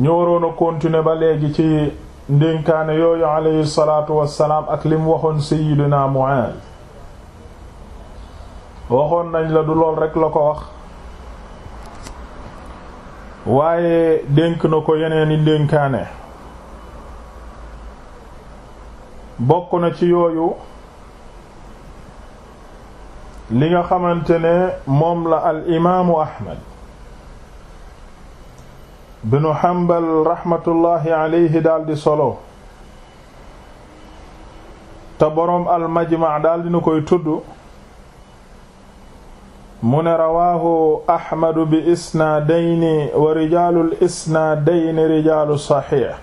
ñu waroon a continuer ba léegi ci ndénkaane yooyu salaatu wassalaam ak lim waxoon sayyidina Mu'aaz waxoon nañ la du lool rekk la ko wax waaye dénk na ko yeneeni ndénkaane bokk na ci yooyu li nga xamante ne moom la al imaamu Ahmad bnu Hanbal raxmatullaahi aleyhi daldi solo te boroom almajmac daldi na koy tudd mu ne rawaahu Ahmadu bi isnaadayni wa rijaalul isnaadayni rijaalu saxiix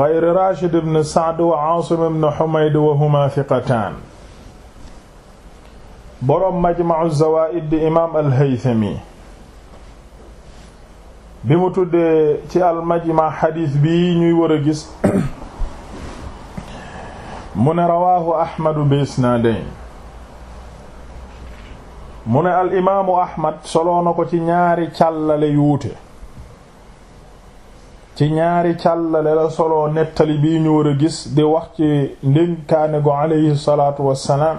gayri Rashid ibn Sacd wa Caasim ibn Xumayd wa humaa siqataan boroom majmacu zawaa'id di imaam alhaytami bi mu tuddee ci almajma xadiis bii ñuy war a gis mu ne rawaahu ahmadu bi isnaadayn mu ne al imaamu ahmad soloo na ko ci ñaari càllale yu wuute ci ñaari càllale la solo nettali bi ñu war a gis di wax ci ndénkaane gu aleyhi salaatu wassalaam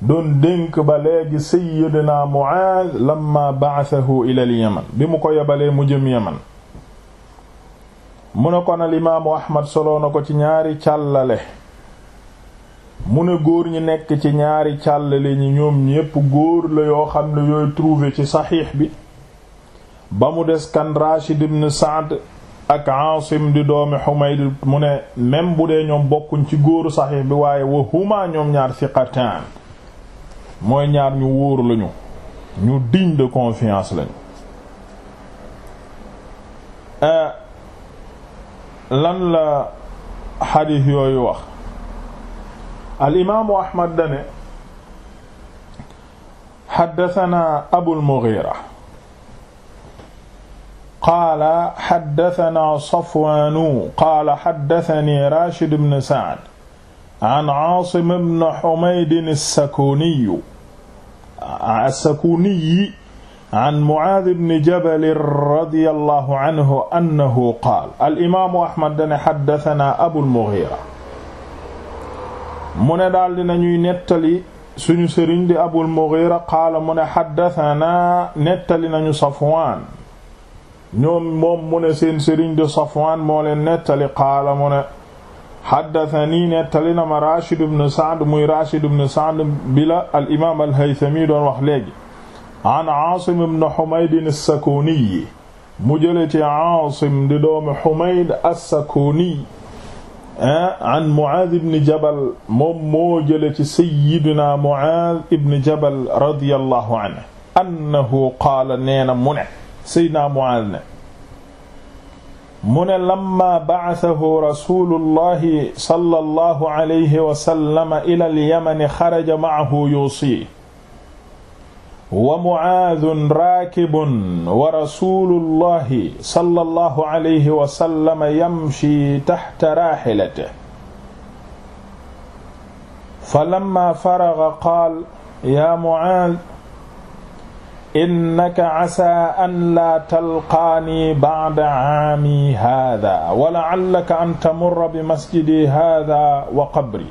doon dénk ba léegi sayyidina Muaaz lamma lama ila al-Yaman bi mu ko yebalee mu jëm Yaman mu ne kon al imaamu Ahmad soloo na ko ci ñaari càllale mu ne góor ñi nekk ci ñaari càllale ñi ñoom ñépp góor la yoo xam ne yooy trouvé ci saxiix bi ba mu des kan Rashid ibn Sa'd ak Aasim di doomi Humayd mu ne bu dee ñoom bokkuñ ci góoru saxiix bi waaye wa ñoom ñaar siqataan mooy ñaar ñu wóor lañu ñu digne de confiance lañu euh, lan la xadiis yooyu wax al imaamu ahmad dane xaddasanaa abul mughira qaala xaddasanaa safwaanu qaala xaddasani rashid ibn saad an Aasim ibn Humayd as-Sakuni as-Sakuni an Muaaz ibn Jabal radiyallahu anhu annahu qaala al-imaamu Ahmad dane haddathanaa Abul Mughiira mu ne daal dinañuy nettali suñu sëriñ di Abul Mughiira qaala mu ne haddathanaa nettali nañu Safwaan ñoom moom mu ne seen sëriñ di Safwaan moo leen nettali qaala mu ne xaddatani nettali na ma Rashid ibn Sa'd muy Rashid ibn Sa'd bi la al imaam al Haythami doon wax léegi an Aasim ibn Humayd as-Sakuni mu jële ci Aasim di doomu Humayd as-Sakuni ah, an Mu'aaz ibn Jabal moom moo jële ci sayyidina Mu'aaz ibn Jabal radiyallahu anhu annahu qaala nee na mu ne sayyidina Mu'aaz ne mu ne lamma ba'athahu rasulullahi sallallahu alayhi wa sallam ila al-yaman xaraja ma'ahu yuusi wa mucaadun raakibun wa rasulullahi sallallahu alayhi wa sallam yamshi taxta raaxilatihi falamma faraga qaala yaa mucaad innaka asa an laa talqaanii bacda aami haada wa lacallaka an tamurra bi masjidi haada wa qabri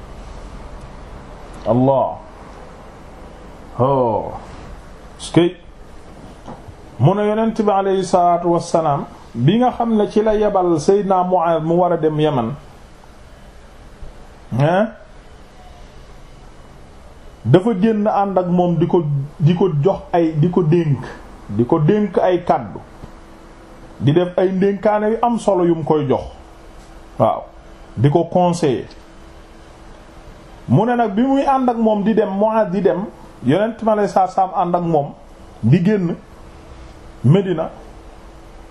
allah o skey mu ne yonent bi aleyhi salaatu wassalaam bi nga xam ne ci la yebal Seydina Muaaz mu war a dem Yaman ah dafa génn ànd ak moom di ko di ko jox ay di ko dénk di ko dénk ay kàddu di def ay ndénkaane yu am solo yum koy jox waaw di ko conseiller mu ne nag bi muy ànd ak moom di dem Muaaz di dem yonent ma lay saa saam ànd ak moom di génn Medina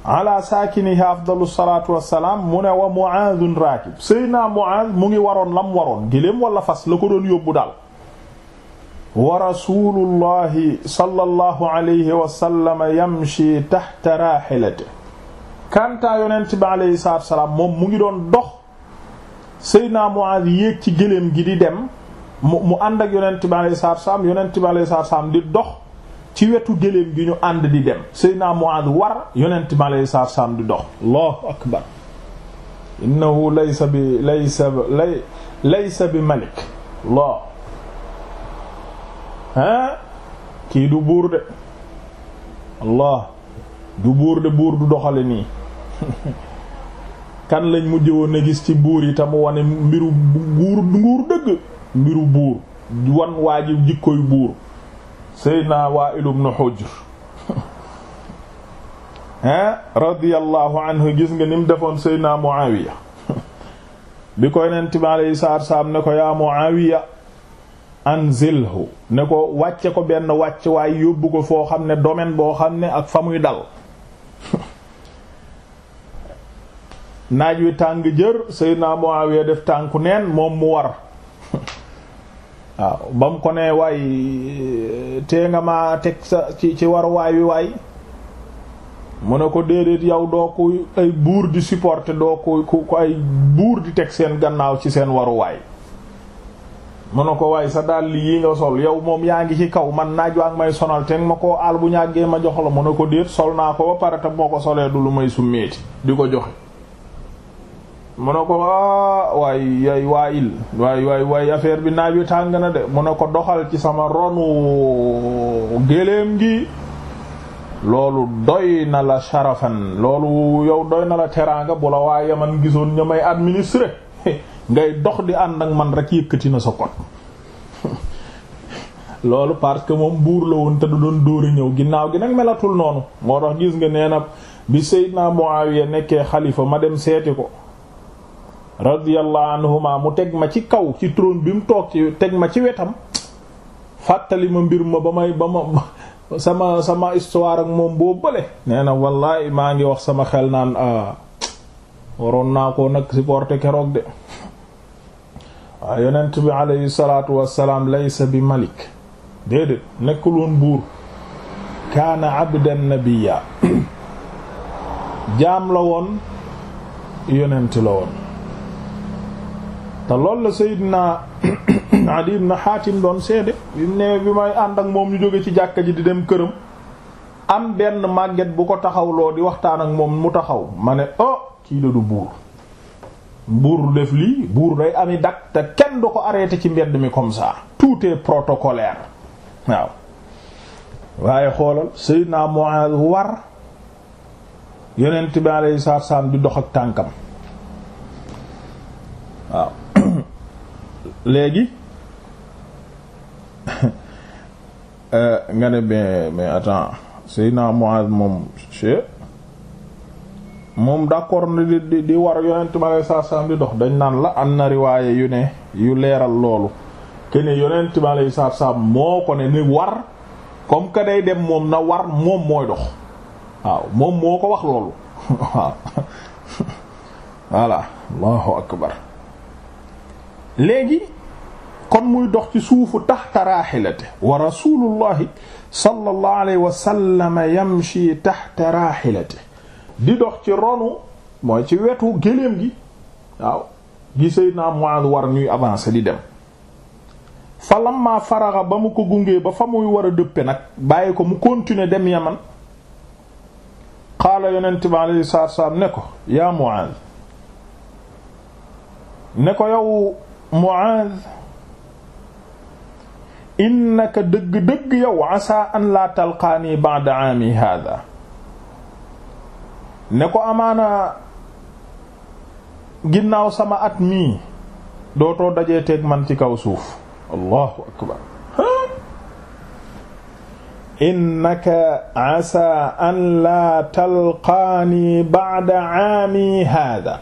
ala ni afdalu salaatu wassalaam mu ne wa Muaazun raakib sëy naa Muaaz mu ngi waroon lam waroon géléem walla fas la ko doon yóbbu daal wa rasulullahi sallallahu alayhi wa sallam yamshi taxta raaxilate kantaa yonent bi aleyhi salaatu wa moom mu ngi doon dox Seydina Muaaz yéeg ci gëléem gi di dem mu mu ànd ak yonent bi aleyhi salaatu wa salaam yonent bi di dox ci wetu gëléem gi ñu ànd di dem Seydina Muaaz war yonent bi aleyhi salaatu di dox Allahu akbar innahu laysa bi laysa bi malik Allah ah kii du buur de du buur de buur du doxale nii kan lañ mujj woon a gis ci buur yi tam wane mbiru nguur dëgg mbiru buur wan waa jikkoy buur Seydina Wa'il ibn Hujr ah radiyallahu anhu gis nga ni mu defoon Seydina Muawiya bi koy neen timaale yi saam ne ko yaa Muawiya anzilhu ne ko wàcce ko benn wàcc waaye yóbbu ko foo xam ne domaine boo xam ne ak fa muy dal naaj wi tàng jër Seydina Muawiya def tànku neen moom mu war waaw ba ko ne waay tee nga ma teg sa ci ci waay wi waay mu ne ko déedéet yow doo ko ay buur di supporter doo ko ko ay buur di teg seen gannaaw ci seen waruwaay mu ne ko waaye sa dàll yii nga sol yow moom yaa ngi ci kaw man naaj waa ngi may sonal te ma koo aal bu ñàggee ma jox la mu ne ko déet sol naa ko ba pare te moo ko solee du lu may summeeti di ko joxe mu ne ko ah waay yaay waay waay waay affaire bi naaj wi tàng na de mu ne ko doxal ci sama ronu géléem gi loolu doy na la sharafan loolu yow doy na la teraanga bu la waa yaman gisoon ña may administrer ngay dox di ànd ak man rek yëkkati na sa kot loolu parce que moom buur la woon te du doon dóori ñëw ginnaaw gi nag melatul noonu moo tax gis nga nee na bi Seydina Muawiya nekkee xalifa ma dem seeti ko radiyallahu anhuma mu teg ma ci kaw ci trône bi mu toog ci teg ma ci wetam fàttali ma mbir ma ba may ba ma sama sama histoire ak moom boo bële nee na wallahi maa ngi wax sama xel naan ah, waroon naa ko nag supporter keroog de waaye ah, yonent bi alayhi salaatu wassalaam laysa bi malik déedéet nekkul woon buur kaana abdan nabiyya jaam la woon yonent la woon te loolu la Seydina Adi ibn Hatim doon seede bi mu bi may ànd ak moom ñu jóge ci jàkka ji di dem këram am benn màgget bu ko taxawloo di waxtaan ak moom mu taxaw ma ne oh kii du buur buur def lii buur day ami dak te kenn du ko arrêté ci mbedd mi comme ça tout est protocolaire waaw waaye xoolal Seydina Muaz war yonent bi alayhi salaam di dox ak tànkam waaw léegi euh, nga ne mais mais attends Seydina Muaz moom moom d'accord na di war yonent mi salaam di dox dañ naan la am na riwaaye yu ne yu leeral loolu ke ne yonent mi salaam moo ko ne ni war comme que day dem moom na war moom mooy dox waaw moom moo ko wax loolu waaw voilà allahu akbar léegi kon muy dox ci suufu taxta raaxilate wa rasulullahi sallallahu alayhi wa sallam yamshi taxta raaxilate di dox ci ronu mooy ci wetu géléem gi waaw gi Seydina Muaad war ñuy avancer di dem fa lamma faraxa ba mu ko gungee ba fa muy war a dëppe nag bàyyi ko mu continuer dem Yaman qaala yonent bi a salaatu salaam ne ko yaa Muaaz ne ko yow Muaaz innaka dëgg-dëgg yow asaa an laa talqaanii ba'da aami haadaa ne ko amaana ginnaaw sama at mii dootoo dajee teeg man ci kaw suuf allahu akbar innaka asa an laa talqaani ba'da aami haada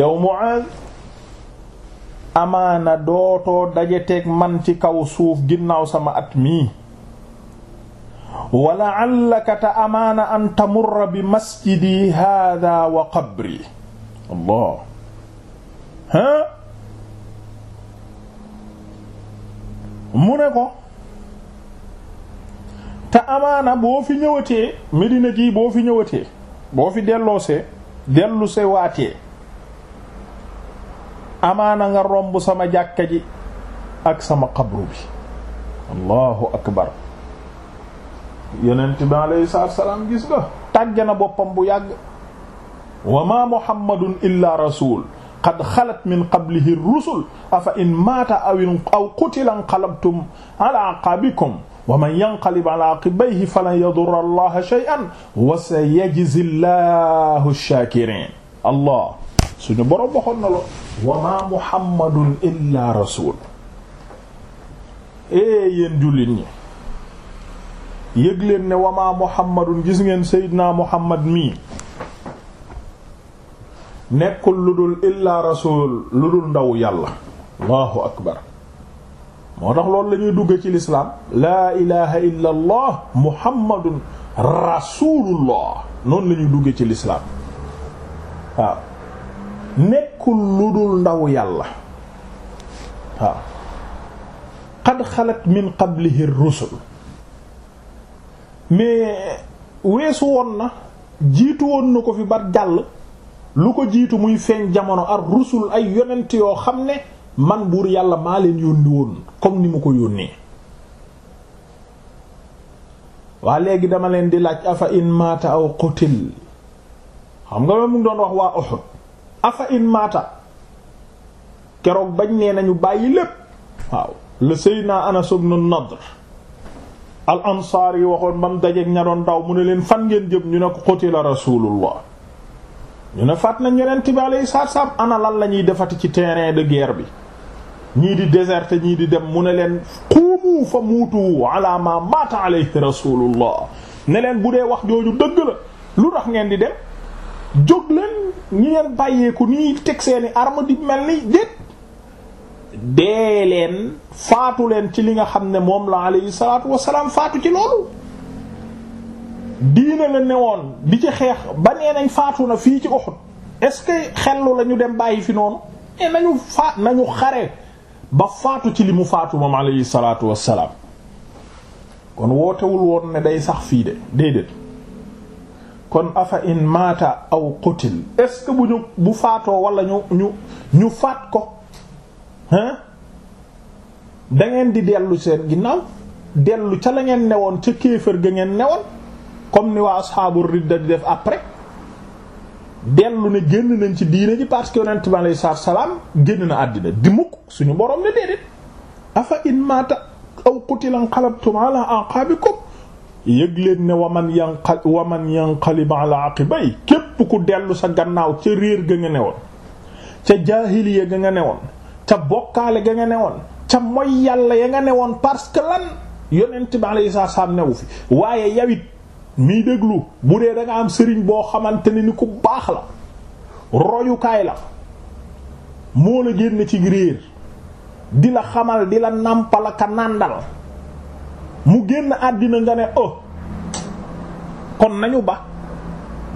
yow Mu'aaz amaana dootoo dajeteeg man ci kaw suuf ginnaaw sama at mii wa la'allaka ta amaana an tamurra bi masjidi hada wa qabri allah ha mu ne ko te amaana boo fi ñëwatee Medina gii boo fi ñëwatee boo fi delloosee dellu se waatee amaana nga romb sama jàkka ji ak sama xabru bi allahu akbar yonent bi alayhi salaam gis nga tàgge na boppam bu yàgg wa ma muhammadun illa rasul qad xalat min qablihi rusul afa in maata awin aw qutila inqalabtum ala aqabikum wa man yanqalib ala aqibayhi falan yadurra allaha shay'an wa sayajzi llahu shakirin allah suñu boroom waxoon na lo wa ma muhammadun illa rasul e yéen jullit ñi yëg ne wamaa muhammadun gis ngeen seydinaa muhammad mii nekkul lu dul illaa rasul lu dul ndaw yàlla allahu akbar moo tax loolu lañuy dugge ci lislaam laa ilaha illa allah muhammadun rasulullah noonu la ci lislaam waaw nekkul lu dul ndaw yàlla waaw qad xalat min qablihi rusul mais weesu woon na jiitu woon na ko fi ba jàll lu ko jiitu muy feeñ jamono ar rusul ay yonent yoo xam ne man buur yàlla maa leen yónni woon comme ni mu ko yónnee waa léegi dama leen di laaj afa in mata aw qutil xam nga mu ngi doon wax waa Uhud afa in mata keroog bañ nee nañu bàyyi lépp waaw le Seydina Anas ibn Nadr al ansaar yi waxoon ba mu dajeeg ña doon daw mu ne leen fan ngeen jëm ñu ne ko qutila rasulullah ñu ne faat nañ yeneen tibaale yi saab saab ana lan la ñuy defati ci terrain de guerre bi ñii di déserté ñii di dem mu ne leen xuumu fa muutu ala ma mata alayhi rasulullah ne leen bu dee wax jooju dëgg la lu tax ngeen di dem jóg leen ñu ngeen bàyyeeku nii teg seeni arme di mel ni déet dee leen faatu leen ci li nga xam ne moom la alayhi salaatu wasalaam faatu ci loolu diine la woon di ci xeex ba nee nañ faatu na fii ci Uhud est-ce que xellu la dem bàyyi fi noonu e nañu faat nañu xare ba faatu ci li mu faatu moom alayhi salaatu wasalaam kon wootewul woon ne day sax fii de déedéet kon afa in maata aw qutil est-ce que bu ñu bu faatoo walla ñu ñu ñu faat ko da ngeen di dellu seen ginnaaw dellu ca la ngeen newoon ca kéefër ga ngeen newoon comme ni waa asxaabu ridda di def après dellu ne génn nañ ci diine ji parce que yonent bi alayhi salaatu salaam génn na àddina di mukk suñu boroom ne déedéet afa in maata aw qutila inqalabtum ala aqaabikum yëg leen ne waman yanqal waman yanqalib ala aqibay képp ku dellu sa gannaaw ca réer ga nga newoon ca jaahiliya ga nga newoon ca bokkaale ga nga ne woon ca mooy yàlla ya nga newoon parce que lan yonent bi alayhi salaam newu fi waaye yawit mii déglu bu dee da am sëriñ boo xamante ne ni ku baax la royukaay la moo la génn ci gréer di la xamal di la nàmpal ka nàndal mu génn àddina nga ne oh, kon nañu ba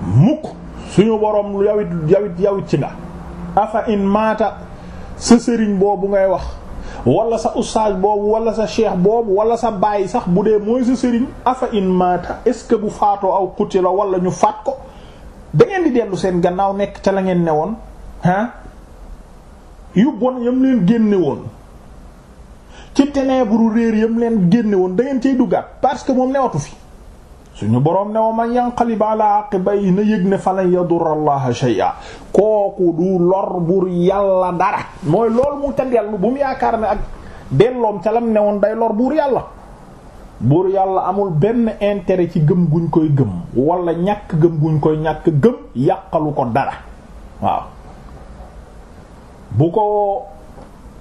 mukk suñu boroom yawit yawit yawit ci nga afa in maata sa sëriñ boobu ngay wax wala sa ustaaj boobu wala sa cheikh boobu wala sa baay sax bu dee mooy sa sëriñ afa in mata est-ce que bu faatoo aw xuti la wala ñu faat ko da ngeen di dellu seen gannaaw nekk ca la ngeen ne woon ah yu bon yam leen génne woon ci ténèbre réer yam leen génne woon da ngeen cay duggaat parce que moom newatu fi suñu boroom ne wa man yanqalib ala na yëg ne falan yadurra allaha shay'a kooku du lor bur yàlla dara mooy loolu mu ca dellu bu yaakaar ne ak delloom ca lam ne woon day lor buur yàlla buur yàlla amul benn intérêt ci gëm guñ koy gëm walla ñàkk gëm guñ koy ñàkk gëm yàqalu ko dara waaw bu ko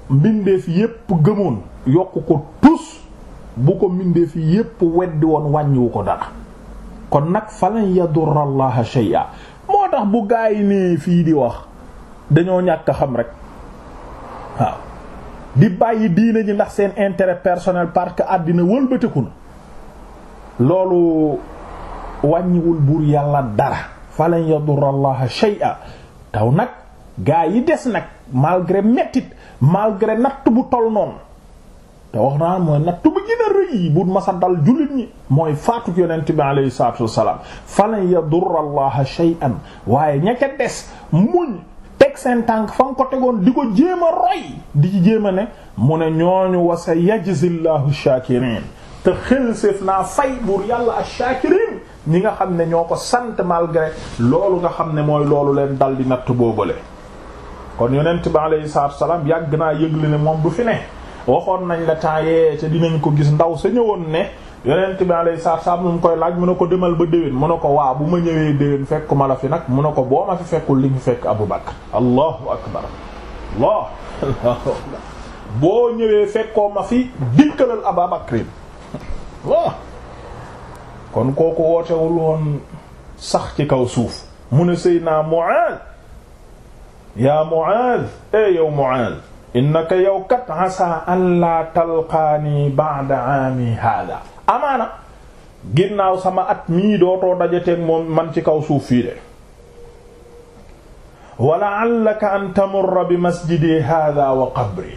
mbindeef yépp gëmoon yokk ko tus bu ko mbindeef yépp weddi woon wàññiwu ko dara kon nag falan yadurra allaha shay'a moo tax bu gaa yi nee fii di wax dañoo ñàkk xam rek waaw di bàyyi diine ji ndax seen intérêt personnel parce que àddina wëlbatiku na loolu wàññiwul buur yàlla dara falan yadurra allaha shay'a taw nag gaa yi des nag malgré mettit malgré natt bu tol noonu te wax naa mooy natt bu gën rëy bu masa dal jullit ñi mooy faatuk yonent bi alayhi salaatu wassalaam falan yadurra allaha shay'an waaye ña ca des muñ teg seen tànk fa nga ko tegoon di ko jéem roy di ci jéem a ne mu ne ñooñu wa sa yajzillahu shakirin te xel séef naa fay buur yàlla ash-shakirin ñi nga xam ne ñoo ko sant malgré loolu nga xam ne mooy loolu leen dal di natt boobale kon yonent bi alayhi yàgg naa yëgle ne moom du fi ne waxoon nañ la temps yee ca dinañ ko gis ndaw sa ñëwoon ne yonent bi alayhi salaatu salaam mu ngi koy laaj mu ne ko demal ba déwén mu ne ko waa bu ma ñëwee déwén fekk ma la fi nag mu ne ko boo ma fi li ñu fekk Abu Bakr allahu akbar allah boo ñëwee fekkoo ma fi dinkalal Abu Bakrin kon kooku wootewul woon sax ci kaw suuf mu séy naa Mu'aaz yaa Mu'aaz eh yow Mu'aaz innaka yow kat asa an talqaani ba'da aami hada amaana ginnaaw sama at mii dootoo dajateeg moom man ci kaw suuf fii de wa la'allaka an tamurra bi masjidi hada wa qabri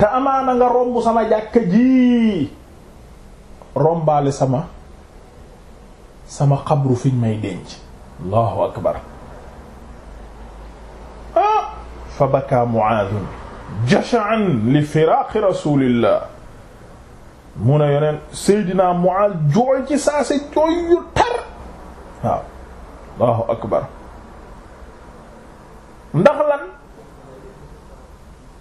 te amaana nga romb sama jàkka ji rombaale sama sama xabru fiñ may denc allahu akbar fa bakaa muaadun jasha'an li firaaqi rasulillah mu ne yeneen seydina muaaz jooy ci tar waaw allahu akbar ndax lan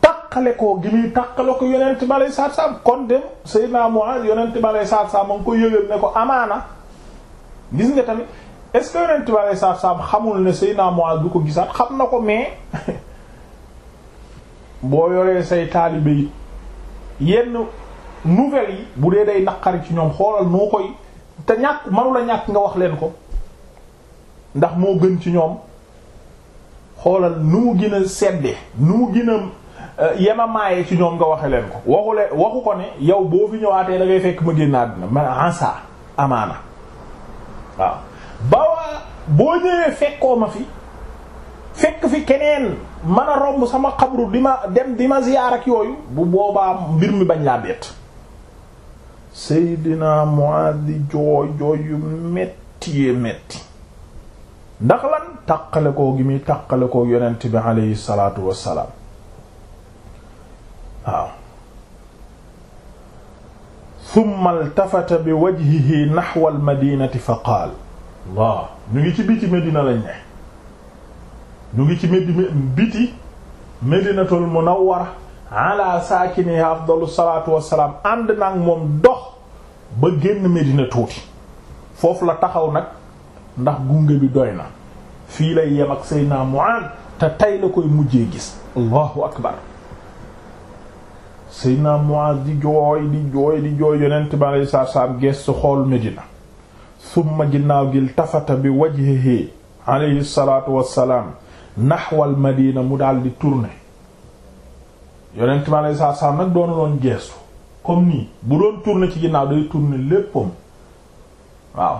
taqale koo gi muy taqale ko yonent bi alay saatu kon dem seydina muaaz yonent bi alay saatu salam ma ngi ko yëgal ne ko amaana gis nga tamit est que yonent bi alay saatu salam xamul ne seydina muaaz du ko gisaat xam na ko mais boo yoree say taalibe yi yenn nouvelles yi bu dee day naqari ci ñoom xoolal noo koy te ñàkk manu la ñàkk nga wax leen ko ndax moo gën ci ñoom xoolal nu mu gën a sedde nu mu gën a euh, yemamaaye ci ñoom nga waxe leen ko waxu leen waxu ko ne yow boo fi ñëwaatee da ngay fekk ma génn àddina ma ansa amaana waaw bawaa boo ñëwee fekkoo ma fi fekk fi keneen man a romb sama xabru di dem di ma ziyaar yooyu bu boobaa mbir mi bañ laa bett Seydina Muaad di jooy jooy yu metti yee metti ndax lan tàqale koo gi muy tàqale koo yonent bi aleyhi salaatu wassalaam waaw thumma altafata bi wajhihi naxwa almadinati fa qaal Allah ñu ngi ci biti Medina lañ ne ñu ngi ci médi biti Medinatul Munawwara ala saakini afdalu salaatu wassalaam ànd nag moom dox ba génn Medina tuuti foofu la taxaw nag ndax gunge bi doy na fii lay yem ak Seydina Mu'aaz te tey la koy mujjee gis allahu akbar Seydina Mu'aaz di jooy di jooy di jooy yonent bi alayhi gees su xool Medina summa ginnaaw gi tafata bi wajhihi alayhi salaatu wassalaam naxwal madina mu daal di turne yonent mi aleyhi salaatu salaam nag doonu geestu comme nii bu doon tourner ci ginnaaw day tourner léppam waaw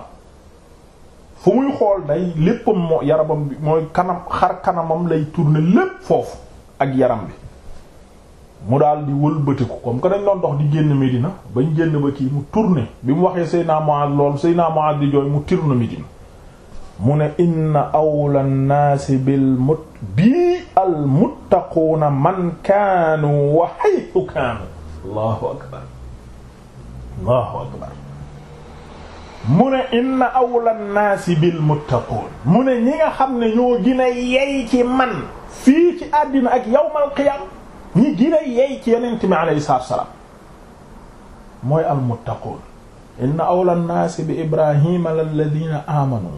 fu muy xool day léppam moo yaramam bi mooy kanam xar kanamam lay tourner lépp foofu ak yaram bi mu daal di wëlbatiku comme que dañ dox di génn Medina bañ génn ba kii mu turne bi mu waxee Seydina Mu'adh loolu Seydina Mu'adh di jooy mu tourner Medina mu ne inna awla nnaasi bil mut bii al muttaquuna man kaanu wa haythu kaanu allahu akbar allahu akbar mu ne inna awla nnaasi bil muttaquun mu ne ñi nga xam ne ñoo gën a yey ci man fii ci àddina ak yawmal qiyaam ñi gën a yey ci yonent mi alayhi salaatu wa salaam mooy al muttaquun inna awla nnaasi bi ibrahima lalladiina aamanu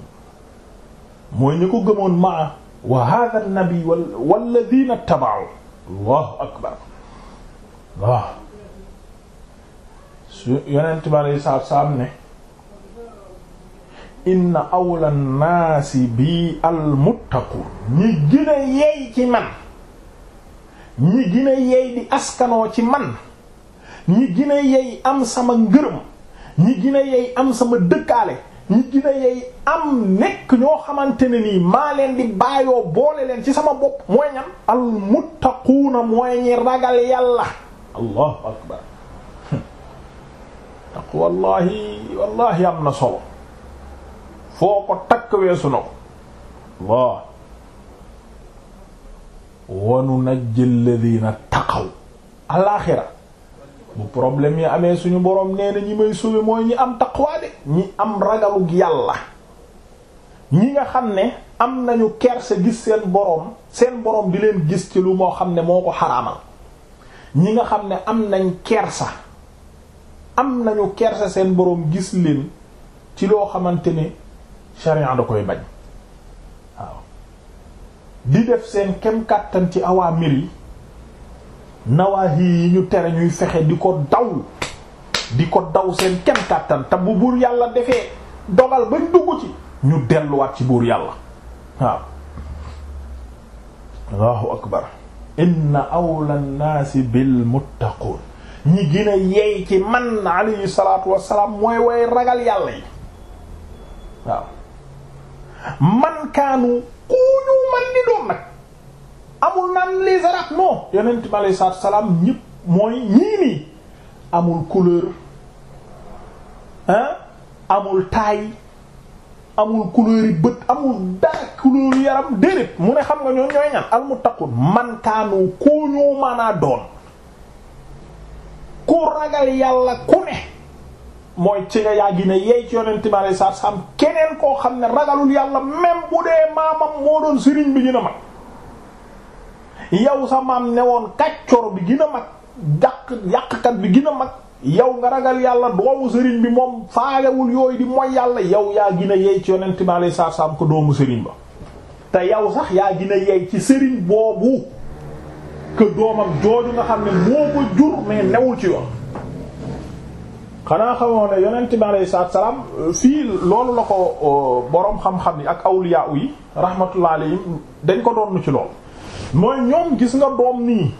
mooy ñu ko gëmoon maa wa hadha an-nabi walladhina taba'u allahu akbar waaw su yonent bi alei saatu salaam ne inna awla nnaasi bi almuttaquun ñi gën a yey ci man ñi gën a yey di askanoo ci man ñi gën a yey am sama ngërëm ñi gën a yey am sama dëkkaale ñi gina yey am nekk ñoo xamante ne nii maa leen di baayoo boole leen ci sama bopp moo ñan al muttaquuna mooy ragal yàlla allahu akbar taq wallahi wallahi am na solo foo ko takk weesu na ko allah wa nunajji alladhina taqaw al bu problème yi amee suñu boroom nee na ñi may sauver mooy ñi am taqwa de ñi am ragalug yàlla ñi nga xam ne am nañu kersa gis seen seen borom di leen gis ci lu moo xam ne moo ko xaraamal ñi nga xam ne am nañ kersa am nañu kersa seen boroom gis leen ci loo xamante ne sharia da koy bañ waaw di def seen kem kàttan ci awaamir yi nawaahi yi ñu tere ñuy fexe di ko daw di ko daw seen kem kàttan te bu buur yàlla defee dogal bañ dugg ci ñu delluwaat ci buur yàlla waaw allahu akbar inna awla nnaasi bil muttaqun ñi gën a yeey ci man alayhi salaatu ragal yàlla yi waaw man kaanu ku ñu man nag amul naan les arabes non yonent bi aleyhi salaam ñëpp mooy ñii nii amul couleur hein amul taille amul couleur yi bët amul dara couleur yaram déedéet mu ne xam nga ñoon ñooy ñan almuttaqun man kaanu koo ñoo maanaa doon ku ragal yàlla ku ne mooy ci nga yaa gine yeey ci yonent bi aleyhi salaam keneen koo xam ne ragalul yàlla même bu dee maamam moo doon sëriñ bi gën a mag yow sa maam ne woon kàccor bi gina mag yàq yàqkat bi gën a mag yow nga ragal yàlla doomu sëriñ bi moom faalewul yooyu di mooy yàlla yow yaa gën a ci yonent bi alayhi salaam ko doomu sëriñ ba te yaw sax yaa gën a ci sëriñ boobu que doomam jooju nga xam ne moo ko jur mais newul ci yoon xanaa xamoo ne yonent bi alayhi salaatu salaam fii loolu la ko euh, boroom xam-xam yi ak awliya yi rahmatullahi alayhim dañ ko doon ci lool mooy ñoom gis nga doom nii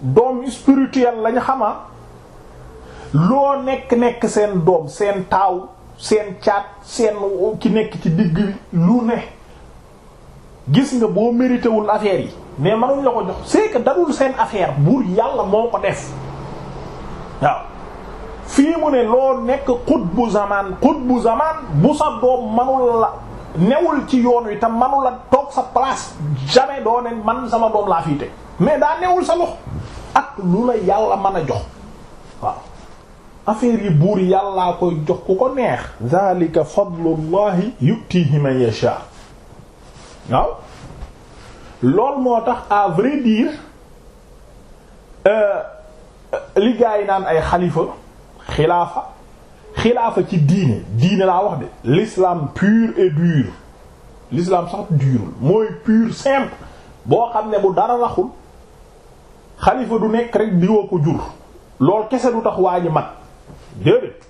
doom spirituel lañ xama loo nekk-nekk seen doom seen taaw seen caat seen ki nekk ci digg bi lu ne gis nga boo mérité wul affaire yi mais mënuñ la ko jox c'est que seen affaire buur yàlla moo ko def waaw fii mu ne loo nekk xut bu zamaan xut bu zamaan bu sa doom manul la newul ci yoon wi te manu toog sa place jamais doo ne man sama doom laa fiy teg mais daa newul sa lox ak lu la yàlla mën a jox waaw affaire yi buur yàlla koy jox ku ko neex zalika fadlullahi yutihi man yasha waaw loolu moo tax à vrai dire euh, yi naan ay xalifa xilaafa xilaafa ci diine diine laa wax de l'islam pur et dur l'islam sax durul mooy pur simple boo xam ne bu dara raxul xalifa du nekk rek di ko jur lool kese du tax waa ji mat déedéet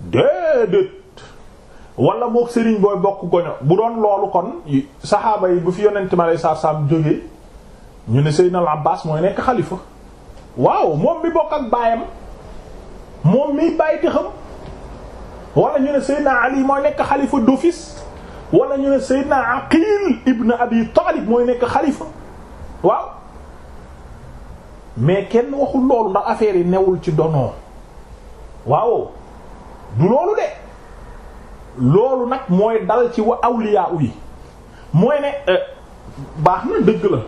déedéet wala mook sëriñ booy bokk goño bu doon loolu kon saxaaba yi bu fi yonent ma lay sarsam jógee ñu ne Seydina Al Abbas mooy nekk xalifa waaw moom bi bokk ak baayam moom miy bàyyi di xam ñu ne Seydina Ali mooy nekk xalifa d'office wala ñu ne Seydina Aqil ibn Abi Talib mooy nekk xalifa waaw mais kenn waxul loolu ndax affaire yi newul ci donoo waaw du loolu de loolu nag mooy dal ci wa awliya yi mooy ne euh, baax na dëgg la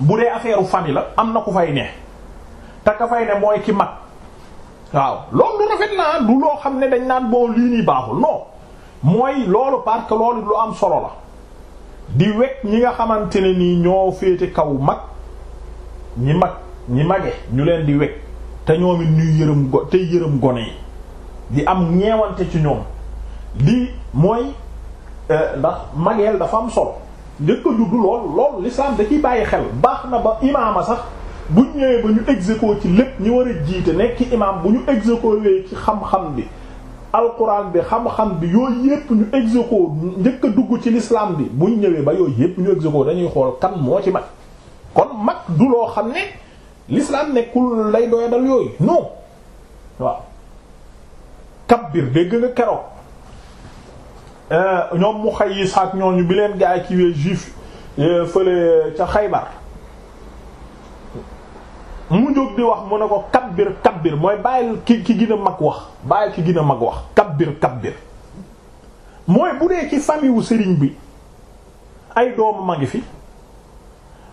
bu dee affaire famille la am na ku fay ne te fay ne mooy ki mag waaw loolu lu rafet naa du loo xam ne dañ naan bon lii nii baaxul non mooy loolu parce loolu lu am solo la di wekk ñi nga xamante ne nii ñoo féete kaw mag ñi mag ñi mage ñu leen di wekk te ñoom it ñuy yërëm go tey yërëm gone yi di am ñeewante ci ñoom di mooy euh, ndax mageel dafa am solo njëkk a juddu lool lool l'islam da bàyyi xel baax na ba imaama sax bu ñëwee ba ñu exéco ci lépp ñu war a jiite nekk imam bu ñu exéco wee ci xam-xam bi alquran bi xam-xam bi yooyu yépp ñu exéco njëkk a dugg ci l'islam bi buñ ñëwee ba yooyu yépp ñu exéco dañuy xool kan moo ci mag kon mag du xam ne l'islam lay doya dal yooyu non waaw kabbir dégg keroog eh, ñoom mu xay yi ñooñu bi leen gaay ci wee juif eh, fële ca Xaybar mu jóg di wax mu ne ko kabbir kabbir mooy bàyyil ki ki gën mag wax bàyyil ki gën a mag wax kabbir biir mooy bu dee ci famille sëriñ bi ay doomu ma ngi fi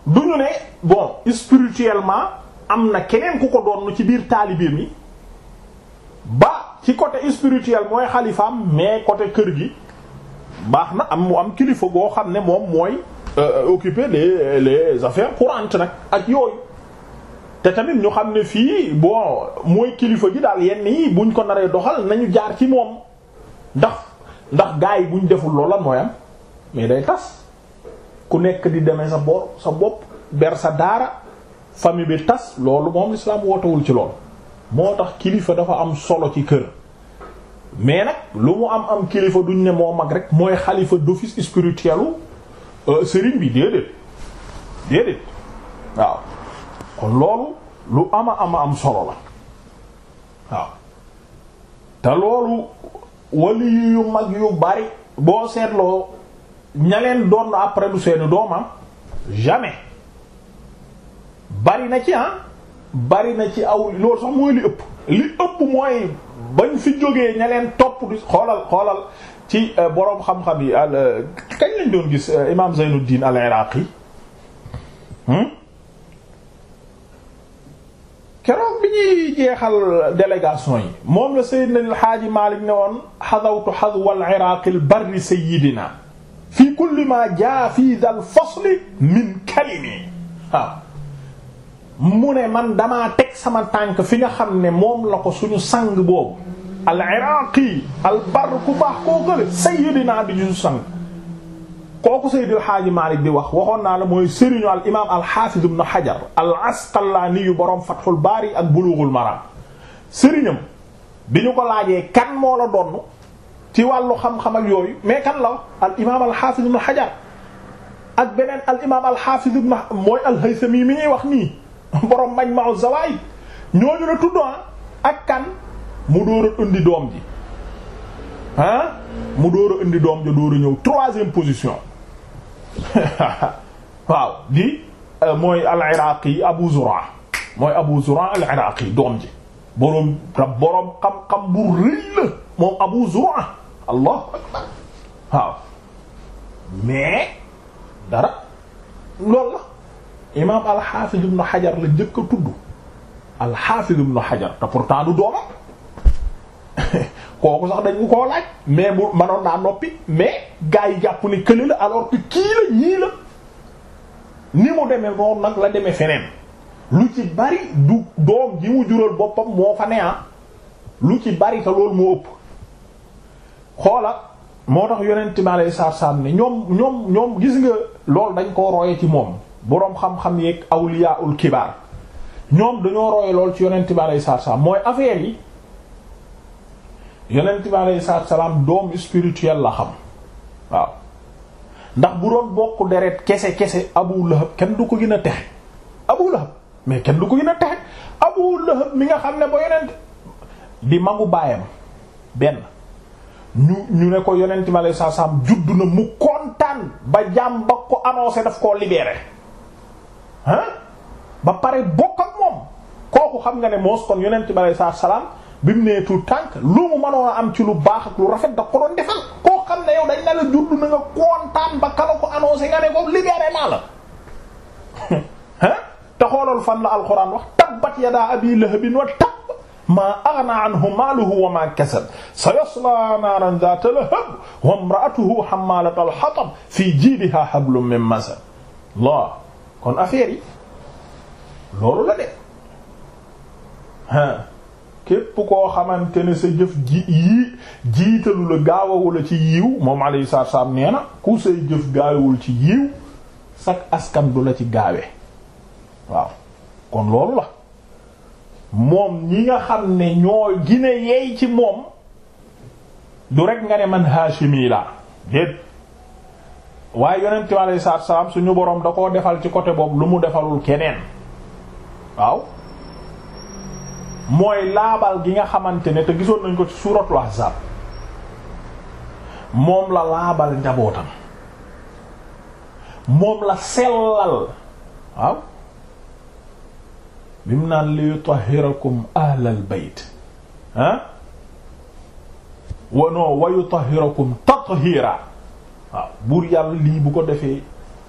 du ñu ne bon spirituellement am na keneen ku ko doon ci biir taalibeem yi ba ci côté spirituel mooy xalifaam mais côté kër gi baax na am mu am kilifa goo xam ne moom mooy euh, occuper les les affaires courantes nag ak yooyu. te tamit ñu xam ne fii bon mooy kilifa gi daal yenn yi buñ ko naree doxal nañu jaar ci moom ndax ndax gaa yi buñ deful loola mooy am mais day tas ku nekk di deme sa sa bopp ber sa daara famille bi tas loolu moom lislaam wootewul ci lool moo tax kilifa dafa am solo ci kër mais nag lu mu am am kilifa duñ ne moo mag rek mooy xalifa d'office spirituel u euh, sëriñ bi déedéet déedéet waaw kon loolu lu ama ama am solo la waaw te loolu wali yu mag yu bari boo seetloo ñaleen leen doon après lu seeni doomam ah, jamais bari na ci ah bari na ci aw loolu sax mooy li ëpp li ëpp mooy bañ fi jógee ña leen topp xoolal xoolal ci euh, boroom xam-xam yi al euh, kañ lañ doon gis euh, imam Zaynuddin al-Iraqi hmm? keroog bi ñuy jeexal délégation yi moom la Seydina El Hadji Malick ne woon xadawtu xadwal Iraaq al barri Seydina fii kulli maa jaa fii dal fasli min kalimi waaw mu ne man damaa teg sama tànk fi nga xam ne moom la ko suñu sang boobu al Iraaqi al barr ku baax koo gële Seydina bi ñu sang. kooku Seydil Xaaji Maalik di wax waxoon naa la mooy sëriñu al imaam al xaafiz ibn Hajar al Asqalaani yu boroom Fathul Baari ak Bulughul Maraam sëriñam bi ñu ko laajee kan moo la doon ci wàllu xam-xam ak yooyu mais kan la al imaam al xaafiz ibn Hajar ak beneen al imaam al xaafiz ibn mooy al Haythami mi ñuy wax nii boroom Majma'u Zawaa'id ñooñu la tudd ah, ak kan mu door a indi doom ji ah mu door a indi doom ja door a ñëw troisième position. waaw di euh, mooy al-Iraqi Abu Zura mooy Abu Zura al-Iraqi doom ji boroom da boroom xam-xam bu rëy la moom Abu Zura allahu akbar waaw mais dara loolu la imaam al-Hafiz ibn Hajar la njëkk a tudd al-Hafiz ibn Hajar te pourtant du doomam kooku sax dañ koo laaj mais bu manoon naa noppi mais gars yi jàpp ne kële la alors kii la ñii la ni mu demee noonu nag la demee feneen lu ci bari du doom ji mu jural boppam moo fa ne ah lu ci bari te loolu moo ëpp xoola moo tax yonent mi alayhi salaatu salaam ne ñoom ñoom ñoom gis nga loolu dañ koo roye ci moom boroom xam-xam yeeg awliyaa ul kibaar ñoom dañoo roye lool ci yonent bi alayhi mooy affaire yi yonent bi aleyhi salaam doom spirituel la xam waaw ndax bu doon bokk deret kese kese Abu Lahab kenn du ko gën a texe Abu Lahab mais kenn du ko gën a texe Abu Lahab mi nga xam ne ba yonent di magu baayam benn ñu ñu ne ko yonent bi aleyhi salaam juddu na mu kontaan ba jàmm ba ko annoncé daf koo libéré ah ba pare bokk ak moom kooku xam nga ne moos kon yonent bi aleyhi salaam bi mu nee tout tànk am ci lu baax ak lu rafet da ko doon defal koo xam ne yow dañ na la juddu na nga kontaan ba kala ko annoncé nga ne ko libéré naa la hein te xoolal fan la alxuraan wax tabbat yadaa abi lahabin wa tabb maa aghnaa anhu maaluhu wa maa kasab sayaslaa naaran zaata lahab wa imra'atuhu hammaalatal hatab fii jiidihaa hablum min masad laa kon affaire yi la de hein képp koo xamante ne sa jëf ji yii jiitalu la gaawawula ci yiiw moom alayhi salaatu salaam nee na ku say jëf gaawawul ci yiiw sak askan du la ci gaawe waaw kon loolu la moom ñi nga xam ne ñoo gine yeey ci moom du rek nga ne man haashimi la déet waaye yonent bi alayhi salaatu salaam suñu boroom da koo defal ci côté boobu lu mu defalul keneen waaw mooy laabal gi nga xamante ne te gisoon nañ ko ci suuratul ahzaab moom la laabal njabootam moom la sellal waaw bi mu naan li yutahhirakum ahlal bayt ah wanoo wa yutahhirakum tathira waaw buur yàlla lii bu ko defee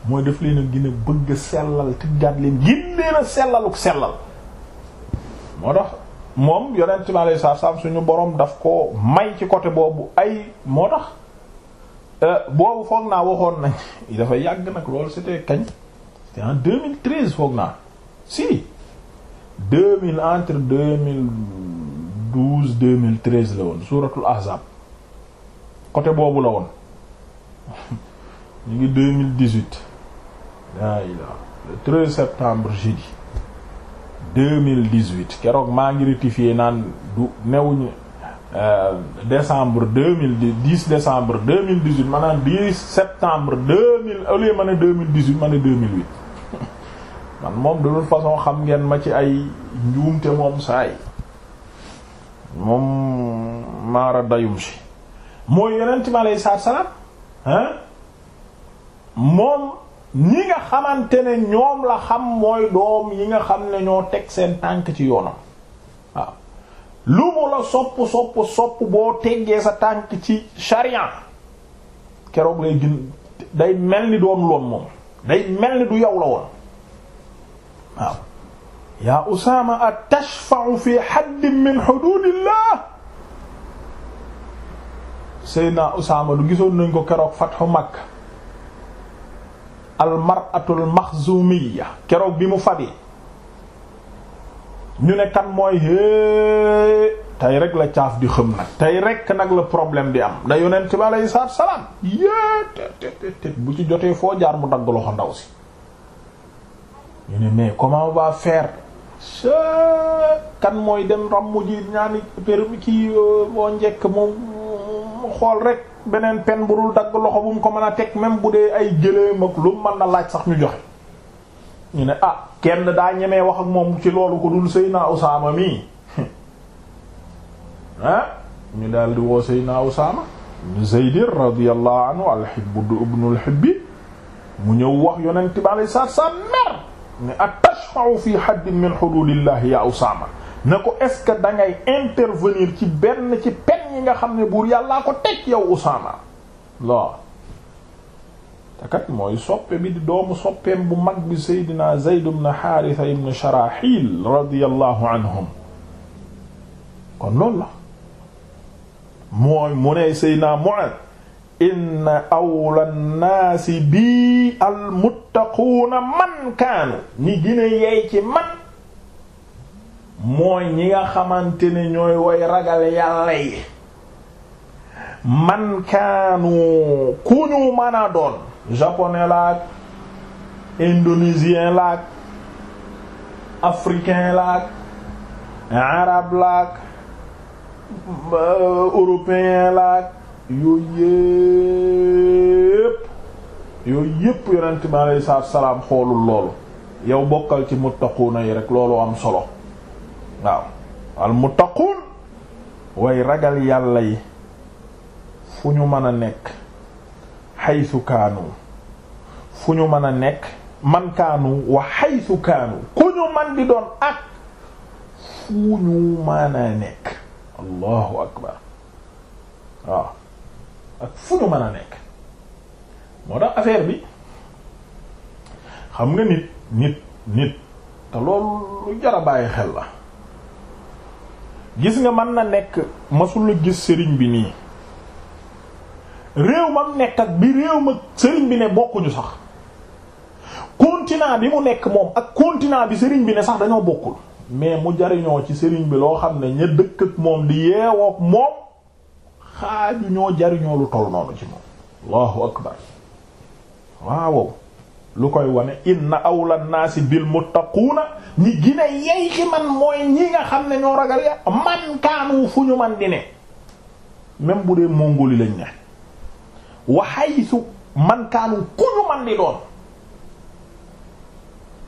moo def leen a gën a bëgg sellal tëggaat leen gin leen a sellaluk sellal moo tax moom yonent bi alayhi salaam suñu borom daf ko may ci côté boobu ay moo tax euh, boobu foog naa waxoon nañ dafa yàgg nag loolu c'était kañ c'était en 2013 foog naa si 2000 entre 2012 2013 la woon suuratul ahzab côté boobu la woon ñu ngi 2018 daa ila le 13 septembre jeudi deux mille dix-huit keroog maa ngi rectifier naan du newuñu euh, décembre deux mille dix décembre deux mille dix-huit ma naan dix septembre deux mille au lieu ma ne deux mille dix-huit ma ne deux mille huit moom de toute xam ngeen ma ci ay njuumte moom saay moom maara dayum si mooy yeneen ci ma lay hein moom ñi nga xamante ne ñoom la xam mooy doom yi nga xam ne ñoo teg seen tànk ci yoonam waaw lu mu la sopp sopp sopp boo teggee sa tànk ci sharia keroog lay gën day mel ni doon loon moom day mel ni du yow la woon waaw yaa Usaama atashfa'u fi haddin min hududillah Seydina Usaama du gisoon nañ ko keroog fathu mag almaratul maxzumiya keroog bi mu fabee ñu ne kan mooy hée tey rek la caaf di xëm nag tey rek nag la problème di am da yonent bi aleyhi salaatu salaam yéet bu ci jotee foo jaar mu dagg loxo ndaw si ñu ne mais comment on va faire kan mooy dem rammu ji ñaani permis ci boo euh, njëkk mu xool rek beneen pen bu dul dagg loxo bu mu ko mën a teg même bu dee ay jëlee mag lu man na laaj sax ñu joxe ñu ne ah kenn daa ñemee wax ak moom ci loolu ko dul Seyna Usaama mii ah ñu daal di woo Seyna Usaama ibn Zayd radiyallahu anhu al-Hibb ibn mu ñëw wax yonent bi alayhi salaatu salaam mer ne atashfa'u fi haddin min hududillahi ya Usaama na ko est-ce que da ngay intervenir ci benn ci pen yi nga xam ne buur yàllaa ko teg yow Usaama loo te mooy soppe bi di doomu soppeem bu mag bi Seydina Zayd ibn Haarisa ibn Sharaxil radiyallahu anhum kon loolu la mooy mu ne Seydina Mu'aaz inna awla nnaasi bii almuttaquuna man kaanu ñi gën yey ci man mooy ñi nga xamante ni ñooy way ragal yàlla yi man kaanu ku ñu mën a doon japonais laak indonésien africain laak arab laak euh, européen laa yooyu yépp yooyu yépp yonent bi aleyhi salaatu wa salaam xoolul loolu yow bokkal ci muttaquuna yi rek loolu am solo waaw al muttaquun way ragal yàlla yi fu ñu mën a nekk xaysu kaanu fu ñu mën a nekk man kaanu wa xaysu kaanu ku ñu man di doon ak fu ñu mën a nekk allahu akbar waaw ak fu ñu mën a nekk moo tax affaire bi xam nga nit nit nit te loolu lu a bàyyi xel la gis nga mën na nekk masul la gis sëriñ bi nii réew mam nekk ak bi réew ma sëriñ bi ne bokkuñu sax continent bi mu nekk moom ak continent bi sëriñ bi ne sax dañoo bokkul mais mu jariñoo ci sëriñ bi loo xam ne ña dëkk ak moom di yeewook moom xaaju ñoo jariñoo lu toll noonu ci moom allahu lu koy wane inna awla naasi bil muttaquuna ñi gina yey ci man mooy ñi nga xam ne ñoo ragal ya man fu ñu man di ne même bu dee Mongolie lañ ne waxaysu man kaanu ku ñu man di doon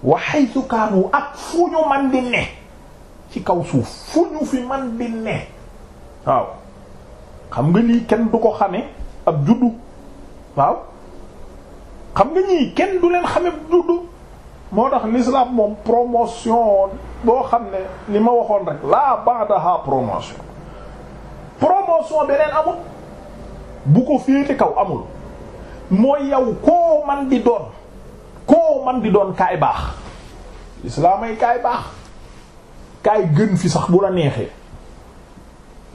waxaysu kaanu ak fu ñu man di ne ci kaw suuf fu ñu fi man di ne waaw xam nga lii kenn du ko xame ab juddu waaw xam nga ñii kenn du leen xame ab juddu moo tax l'islam moom promotion boo xam ne li ma waxoon rek la ba'daha promotion promotion beneen amul bu ko féete kaw amul mooy yow koo man di doon koo man di doon kaay baax lislaamay kaay baax kaay gën fi sax bu la neexee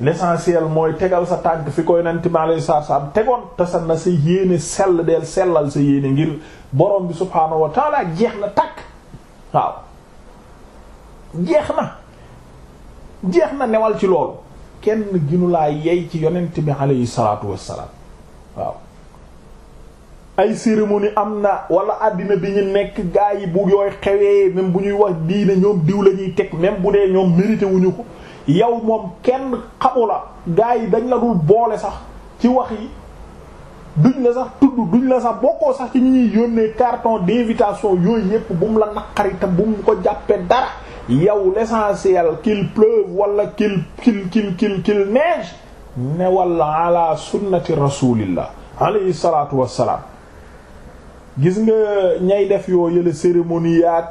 l'essentiel mooy tegal sa tànk fi koy nanti ma lay sa saam tegoon te sa na sa yéene sell del sellal sa yéene ngir borom bi subhaanahu wa taala jeex na tàkk waaw jeex na jeex na newal ci loolu kenn ginulaa yey ci yonent bi alayhi salaatu wassalaam waaw ay cérémonie am na wala àddina bi ñu nekk gaa yi bu yooy xewee même bu ñuy wax diine ñoom diw la ñuy teg même bu dee ñoom mérité wuñu ko yow moom kenn xamu la gars yi dañ la dul boole sax ci wax yi duñ la sax tudd duñ la sax bokkoo sax ci ñuy yónnee carton d'invitation yooyu yépp bu mu la naqari te bu mu ko jàppee dara yow l'essentiel kil pleuve wala qu'il qu'il kil kil qu'il ne wala ala sunnati rasulillah alayhi salatu wassalam gis nga ñay def yoo yële cérémonie yaag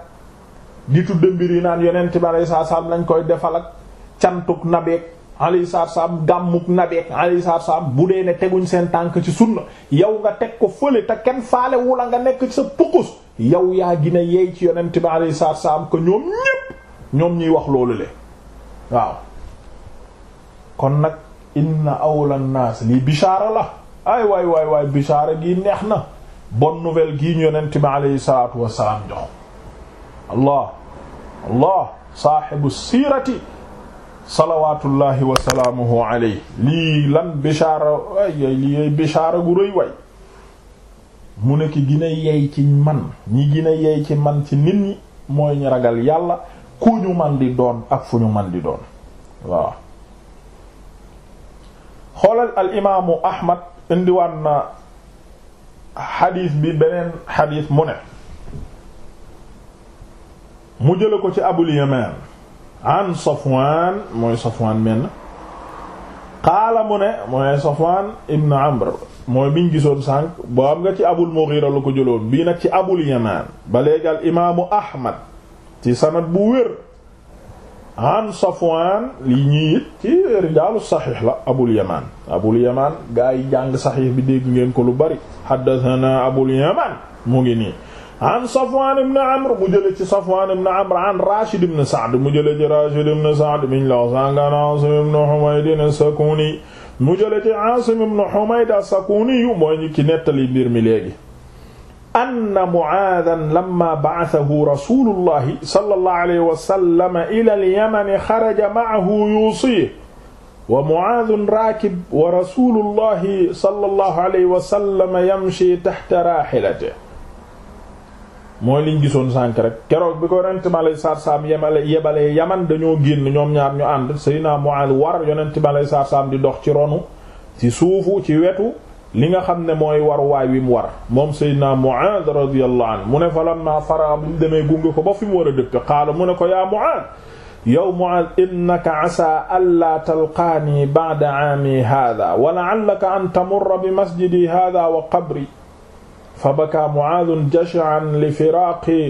di tudd mbir yi naan yonent bi alayhi salaam lañ koy defal ak cantuk nabeeg alayhi salaam gàmmuk nabeeg alayhi salaam bu dee ne teguñ seen tànk ci sunna yow nga teg ko fële te kenn faale wula nga nekk ci sa pukus yow yaa gina yeey ci yonent bi alayhi salaam ko ñoom ñépp ñoom ñuy wax loolu le waaw kon nag inna awla naas lii bishaara la ay waay waay waay bishaara gii neex na bon nouvelle gii ñu yonent bi alayhi salaatu wassalaam jox allah allah saaxibu siirati salawaatullahi wa salaamuhu alayhi lii lan bishaara ay lii bishaara gu rëy way mu ne ki gina yey ci man ñi gina yey ci man ci nit ñi mooy ñu ragal yàlla ku ñu man di doon ak fu ñu man di doon waaw xoolal al imaamu ahmad indiwaat na xadiis bi beneen xadiis mu ne mu jële ko ci abul yamaan an Safwan mooy Safwan menn qaala mu ne mooy Safwan ibn Amr mooy biñ gisoon sànq boo am nga ci Abul Mughira la ko jëloon bii nag ci Abul Yamaan ba léegi imaamu Ahmad ci sanad bu wér an Safwan li ñii it ci rijaalu saxiix la Abul Yamaan Abul Yamaan gaa yi jàng saxiix bi dégg ngeen ko lu bari haddathana Abul Yamaan mu ngi nii an Safwan ibn Amr mu jële ci Safwan ibn Amr an Rashid ibn Sa'd mu jële ci Rashid ibn Sa'd miñ la wax sangaan Asim ibn Humayd as-Sakuni mu jële ci Asim ibn Humayd as-Sakuni yu mooy ñu ci nettali mbir mi léegi anna Mu'aadan lamma ba'athahu rasuulullahi sallallahu alayhi wa sallam ila al-yaman xaraja ma'ahu yuusihi wa Mu'aadun raakib wa rasuulullahi sallallahu alayhi wa sallam yamshi tahta raahilatihi mooy liñ gisoon sànk rek keroog bi ko yonent mi alay saam yemale yebalee yaman dañoo génn ñoom ñaar ñu ànd Seydina Muaaz war yonent mi alay sarsam di dox ci ronu ci suufu ci wetu li nga xam ne mooy war waay wi mu war moom Seydina Muaaz radiyallahu anhu mu ne fa lamma fara mu demee gunge ko ba fi mu war a dëkk xaala mu ne ko yaa Muaaz yow Muaaz innaka asaa allaa talqaanii ba'da aami haadha wa la'allaka an tamurra bi masjidi haadha wa qabri fa bakaa muaadun jashan li firaaqi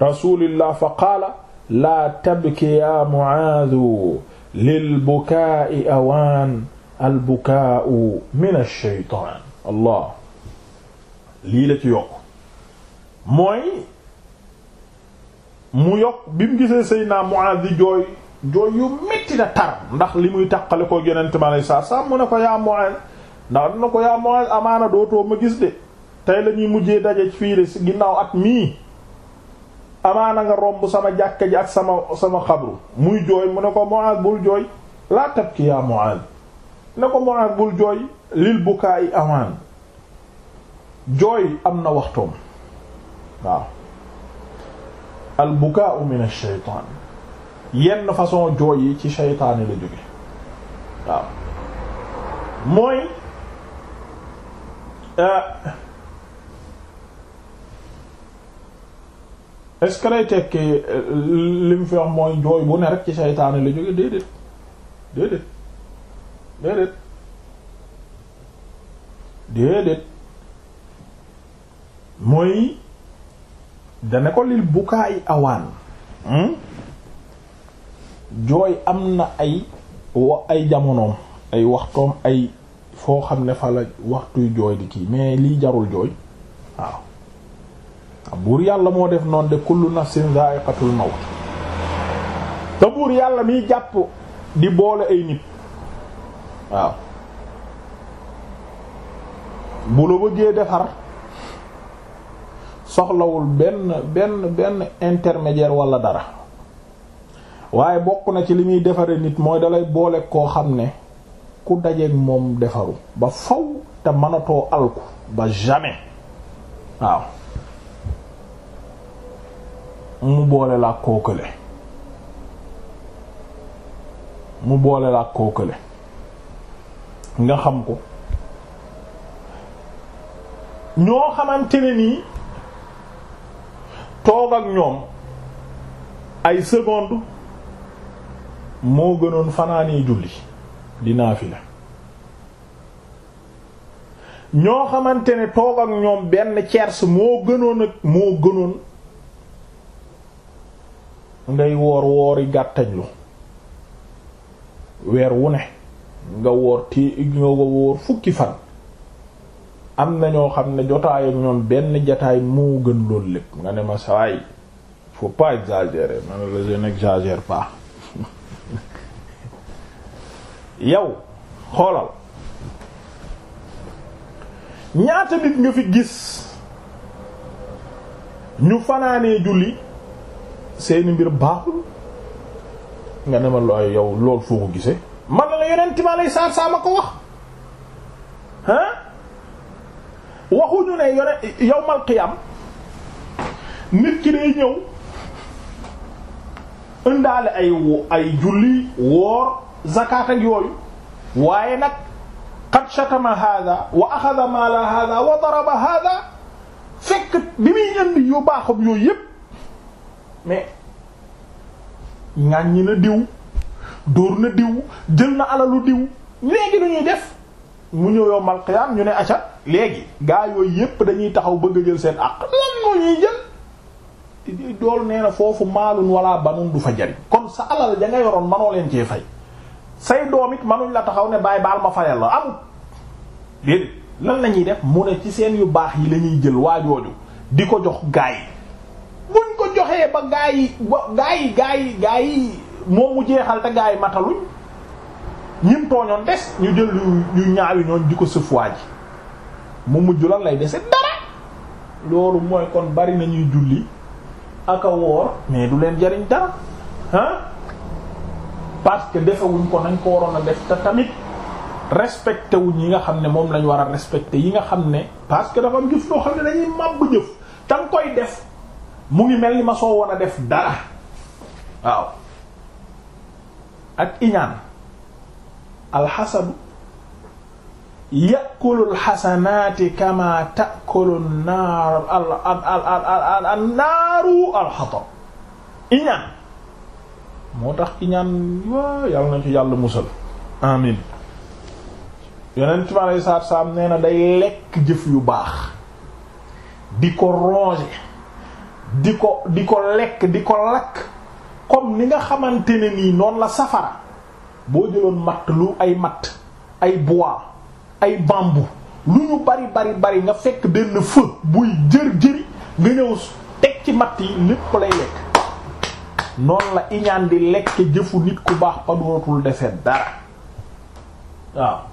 rasulillah fa qaala laa tabki ya muaadu lil bukaa'i awaan al bukaa'u min ash-shaytaan allah lii la ci yokk mooy mu yokk bi mu gisee Seydina Muaaz di jooy jooy yu métti na tar ndax li muy tàqale ko yonente mi alei saatu salaam mu ne ko yaa Muaaz ndax dina ko yaa Muaaz amaana dootoo ma gis de tey lañuy ñuy mujjee daje fii de ginnaaw at mii amaana nga romb sama jàkka ji ak sama sama xabru muy jooy mu ne ko Mu'aaz bul jooy laa tabki yaa Mu'aaz ne ko Mu'aaz bul jooy lil bukaa'i amaan jooy am na waxtoom waaw al bukaa'u min ash-shaytaan yenn façon jooy yi ci shaytaani la jóge waaw mooy euh, est-ce que lay tekki euh, fi wax mooy jooy bu ne rek ci seytaane la jóge déedéet déedéet déedéet mooy dana ko lil bukaay awaan hmm? jooy am na ay wa ay jamonoom ay waxtoom ay foo xam ne fa la waxtuy jooy di kii mais lii jarul jooy waaw buur yàlla moo def noon de kullu nafsin dha'iqatul mawt te buur yàlla miy jàpp di boole ay nit waaw bu la bëggee defar soxlawul benn benn benn intermédiaire wala dara waaye bokk na ci li muy defare nit mooy dalay boole koo xam ne ku dajeeg moom defaru ba faw te mënatoo alku ba jamais waaw mu boole la ak kookale mu boole la ak kookale nga xam ko ñoo xamante ne nii toog ak ñoom ay seconde moo gënoon fanaanii julli di naafila ñoo xamante ni toog ak ñoom benn tiers moo gënoon ak moo gënoon ngay woor woori gàttañlu weer wu ne nga woor ti nga woor fukki fan am na ñoo xam ne jotaay ak ñoom benn jataay moo gën loolu lépp nga ne ma sawaay faut pas exagérer man la je n'exagère pas yow xoolal ñaata nit nga fi gis ñu fanaanee julli seeni mbir baaxul nga ne ma looy yow loolu foo ko gisee man la yeneen time saar saa ko wax ah waxuñu ne yone yowmal qiyam nit ki day ñëw indaale ay ay julli woor zakat yooyu waaye nag qad shatama hada wa axada hada wa hada fekk bi muy indi yu baaxum yooyu yépp mais ñaañ ñi na diw dóor na diw jël na alalu diw léegi lu ñuy def mu ñëw yow mal ñu ne acca léegi gaa yooyu yépp dañuy taxaw bëgg a jël seen àq lan moo ñuy jël dool nee na foofu maalun wala banun du fa jariñ kon sa alal da nga yoroon manoo leen cee fay say doom manuñ la taxaw ne bàyyi baal ma fayal la amut déedéet lan la ñuy def mu ne ci seen yu baax yi la ñuy jël waajooju di ko jox gaa yi bàyyee ba gaa yi ba gaa yi gaa yi moo yi moom mu jeexal te gaa yi mataluñ ñim tooñoon des ñu jël ñu ñaawi ñoon di ko sëfwaa ji mu mujj lan lay dese dara loolu mooy kon bari nañuy julli ak a woor mais du leen jariñ dara ah parce que defewuñ ko nañ ko waroon a def te tamit respecté wuñ yi nga xam ne moom lañu war a respecté yi nga xam ne parce que dafa am jëf loo xam ne dañuy màbb jëf te koy def mu ngi mel ni ma soo woon a def dara waaw ak iñaan alxasadu yakulu alxasanaati kama takulu naaru al naaru alxatab iñaan moo tax iñaan waa yàlla na ci yàlla musal amin yonent bi alei saatu salaam nee na day lekk jëf yu baax di ko ronger di ko di ko lekk di ko lakk comme ni nga xamante ne nii noonu la safara boo jëloon matt lu ay matt ay bois ay bambou lu ñu bari bari bari nga fekk benn feu buy jër jëri nga ñëw teg ci matt yi lépp lay lekk noonu la iñaan di lekk jëfu nit ku baax pa dootul defee dara waaw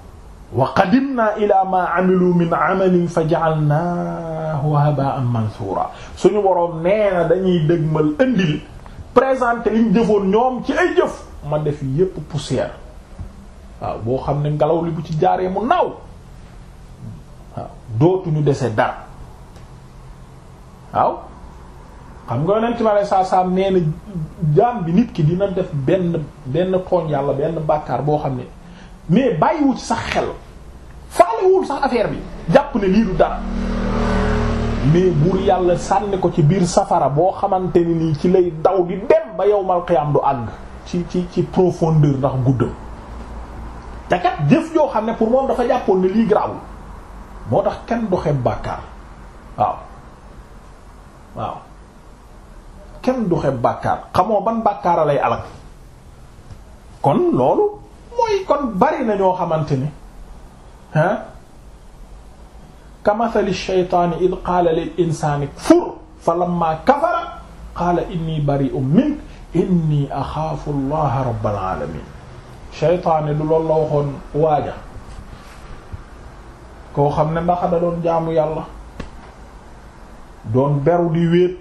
wa qadimna ila ma amilu min amalin fa ja'alnahu haba'an mansura suñu boroom nee na dañuy dëgmal indil liñ defoon ñoom ci ay jëf ma def yépp poussière waaw boo xam ne ngelaw li bu ci jaaree mu naaw waaw ñu dese dara waaw xam nga yonent bi aleyhi salaatu salaam nee na jaam bi nit ki dina def benn benn tooñ yàlla benn bàkkaar boo xam ne mais bàyyiwu ci sax xel faalewul sax affaire bi jàpp ne lii du dara mais buur yàlla sànni ko ci biir safara boo xamante ni nii ci lay daw di dem ba yowmal xiyaam du àgg ci ci ci profondeur ndax guddam te kat jëf joo xam ne pour moom dafa jàppoon ne lii garaawul moo tax kenn du xeeb bàkkaar waaw waaw kenn du xeeb bàkkaar xamoo ban bàkkaara lay alal kon loolu mooy kon bari na ñoo xamante ni ah ka mathali shaytaani id qaala lil insaani kfur fa lamma kafara inni bari'un mink inni axaafu allaha rabbal alamin shaytaani du loolu la waxoon waaja koo xam ne ndax da doon jaamu yàlla beru di wéet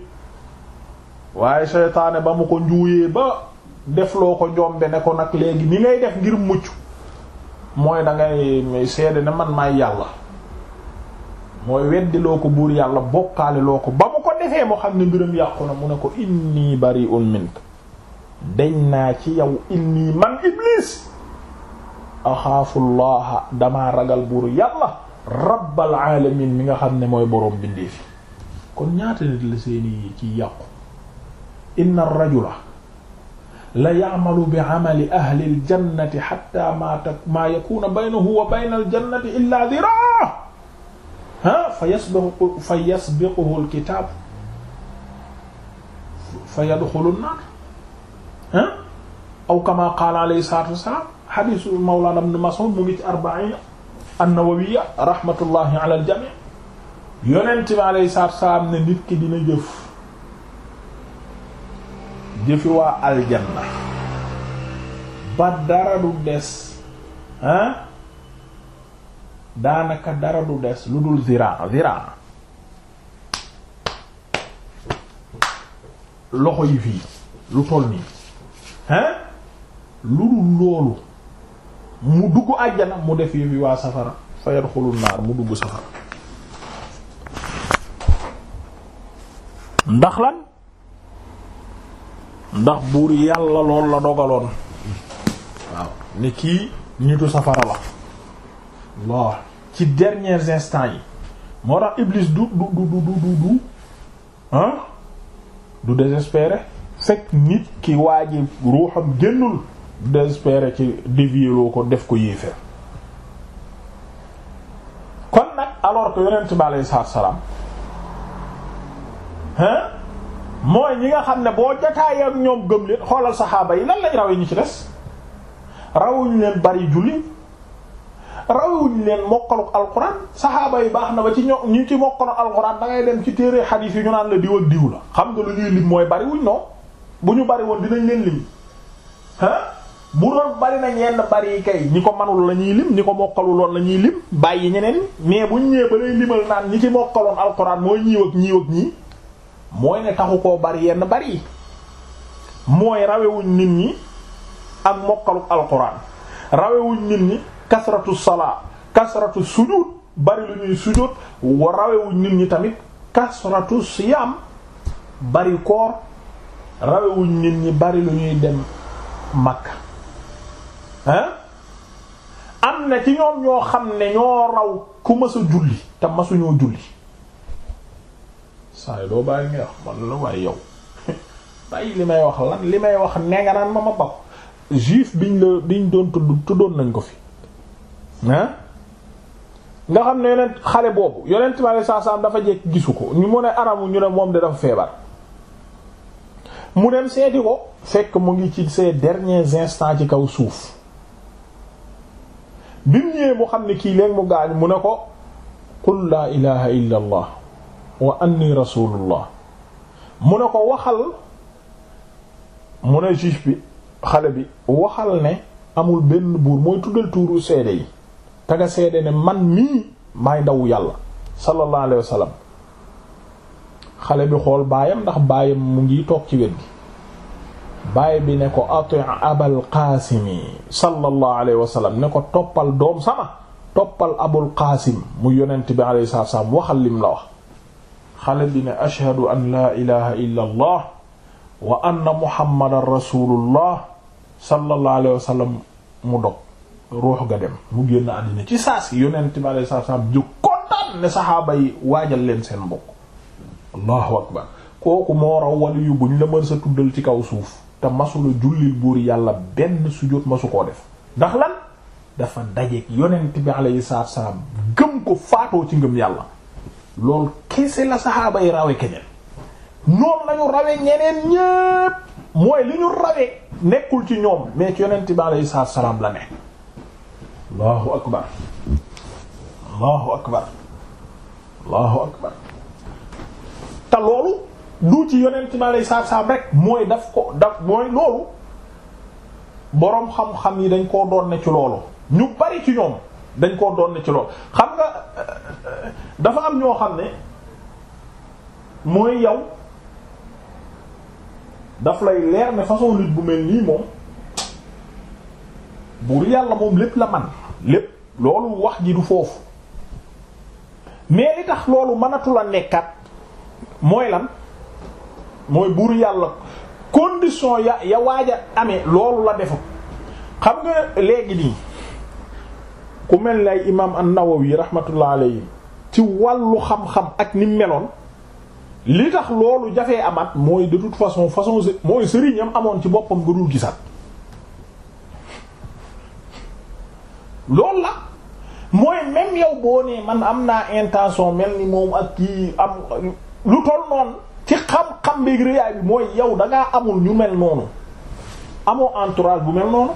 waaye shaytaane ba mu ko njuuyee ba def loo ko njombe ne ko nag léegi mi ngay def ngir mucc mooy da ngay seede ne man maay yàlla mooy weddiloo ko buur yàlla bokkaale loo ko ba mu ko defee mu xam ne mbiram yàqu na mu ne ko inni bari'un mink deñ naa ci yow inni man iblis axaafullaha damaa ragal buur yàlla rabbal alamin mi nga xam ne mooy boroom bindee fi kon ñaata nit la seeni ci yàqu inna rajula la ya'malu bi 'amali ahli al-jannati hatta ma ma yakuna baynahu wa bayna al-jannati illa dhira' ha fa yasbiqu fa yasbiquhu al-kitab fa yadkhulu an-nar ha aw kama qala alayhi salatu wassalam hadithu mawlana ibn Mas'ud mu ngi ci arba'in an-nawawiyya rahmatullahi ala al-jami' yonent bi alayhi salatu wassalam ne nit ki dina jëf jëfi waa aljanna ba dara du des hein daanaka dara du des lu dul ziraa ziraa loxo yi fii lu toll nii hein lu dul loolu mu dugg àjjana mu def yëfi waa safara fa yadxulun mu dugg safara ndax lan ndax buur yàlla lool la dogaloon waaw ne kii nitu safara la waaw ci derniers instants yi moo tax Iblis du du du du du du du désespéré fekk nit ki waa ji ruuxam génnul du ci dévier ko def ko yéefeer kon nag alors que yonent salaam hein mooy ñi nga xam ne boo jotaayee ak ñoom gëm leen xoolal saxaaba yi lan lañ rawee ñi ci des rawuñu leen bari julli rawuñu leen mokkaluk alquran saxaaba yi baax na ba ci ño ñi ci mokkaluk alquran da ngay dem ci téere xadiis yi ñu la diw ak xam nga lu ñuy lim mooy bariwuñ noonu bu ñu bari woon dinañ leen lim ah bu doon bari na ñenn bari kay ñi ko manul la ñuy lim ñi ko mokkaluloon la ñuy lim bàyyi ñeneen mais buñ ñëwee ba lay limal naan ñi ci mokkaloon alquran mooy ñiiw ak ñiiw ñii mooy ne taxu koo bari yenn bari mooy rawewuñ nit ñi ak mokkaluk alquran rawewuñ nit ñi kasratu salaa kasratu sujud bari lu ñuy sujud rawewuñ nit ñi tamit kasratu siyam bari koor rawewuñ nit ñi bari lu ñuy dem Makka hein am na ci ñoom ñoo xam ne ñoo raw ku mës a julli te mësuñoo julli saa yi doo bàyyi ngay wax la waaye yow bàyyi li may wax la li may wax ne nga naan ma ma bap juif biñ la biñ doon tudd tuddoon nañ ko fi nga xam ne yonent xale boobu yonent ma saa saa dafa jekk gisu ko ñu mu ne aramu ñu ne moom de dafa feebar mu dem seeti ko fekk mu ngi ci see dernier instants ci kaw suuf bi mu ñëwee mu xam ne kii léegi mu gaañ mu ne ko qul laa ilaha illa wa anni rasulullah mu ne ko waxal mu ne juif bi xale bi waxal ne amul benn buur mooy tuddal tuuru seede yi te seede ne man mii maay ndawu yàlla sallallahu alayhi wa xale bi xool baayam ndax baayam mu ngi toog ci wet gi baay bi ne ko ati abal qaasimi sallallahu alayhi ne ko toppal doom sama toppal abul qaasim mu yonent bi alayhi salaam waxal lim la wax xale bi ne ashhadu an laa ilaha illa allah wa anna muhammadan rasulullah sallallahu alayhi mu dog ruux ga dem mu génn àddina ci saa si yonent bi salaam ju kontaan ne saxaaba waajal leen seen mbokk allahu akbar kooku moo raw wali yu buñ la mën sa tuddal ci kaw suuf te masula jullil buur yàlla benn sujjóot masu koo def ndax lan dafa dajeek yonent bi salaam gëm ko faatoo ci ngëm yàlla loolu kese la saxaaba yi rawe keneen noonu lañu rawe ñeneen ñépp mooy li ñu rawe nekkul ci ñoom mais ci yonent bi alayhi salaatu salaam la ne allahu akbar allahu akbar allahu akbar te loolu du ci yonent bi alayhi salaatu salaam rek mooy daf ko daf mooy loolu boroom xam-xam yi dañ koo doon ne ci loolu ñu bari ci ñoom dañ koo doon ne ci loolu xam nga dafa am ñoo xam ne mooy yow daf lay leer ne façon lutte bu mel nii moom buur yàlla moom lépp la man lépp loolu wax ji du foofu mais li tax loolu mënatul a nekkat mooy lan mooy buur yàlla condition ya ya waaj a amee loolu la defu xam nga léegi nii ku mel ni ay imaam an-Nawawi rahmatullah alayhi ci wàllu xam-xam ak ni meloon li tax loolu jafee amat mooy de toute façon façon mooy sëriñam amoon ci boppam nga dul gisaat loolu la mooy même yow boo nee man am naa intention mel ni moom ak kii am lu toll noonu ci xam-xam bi réyaay bi mooy yow da amul ñu mel noonu amoo entourage bu mel noonu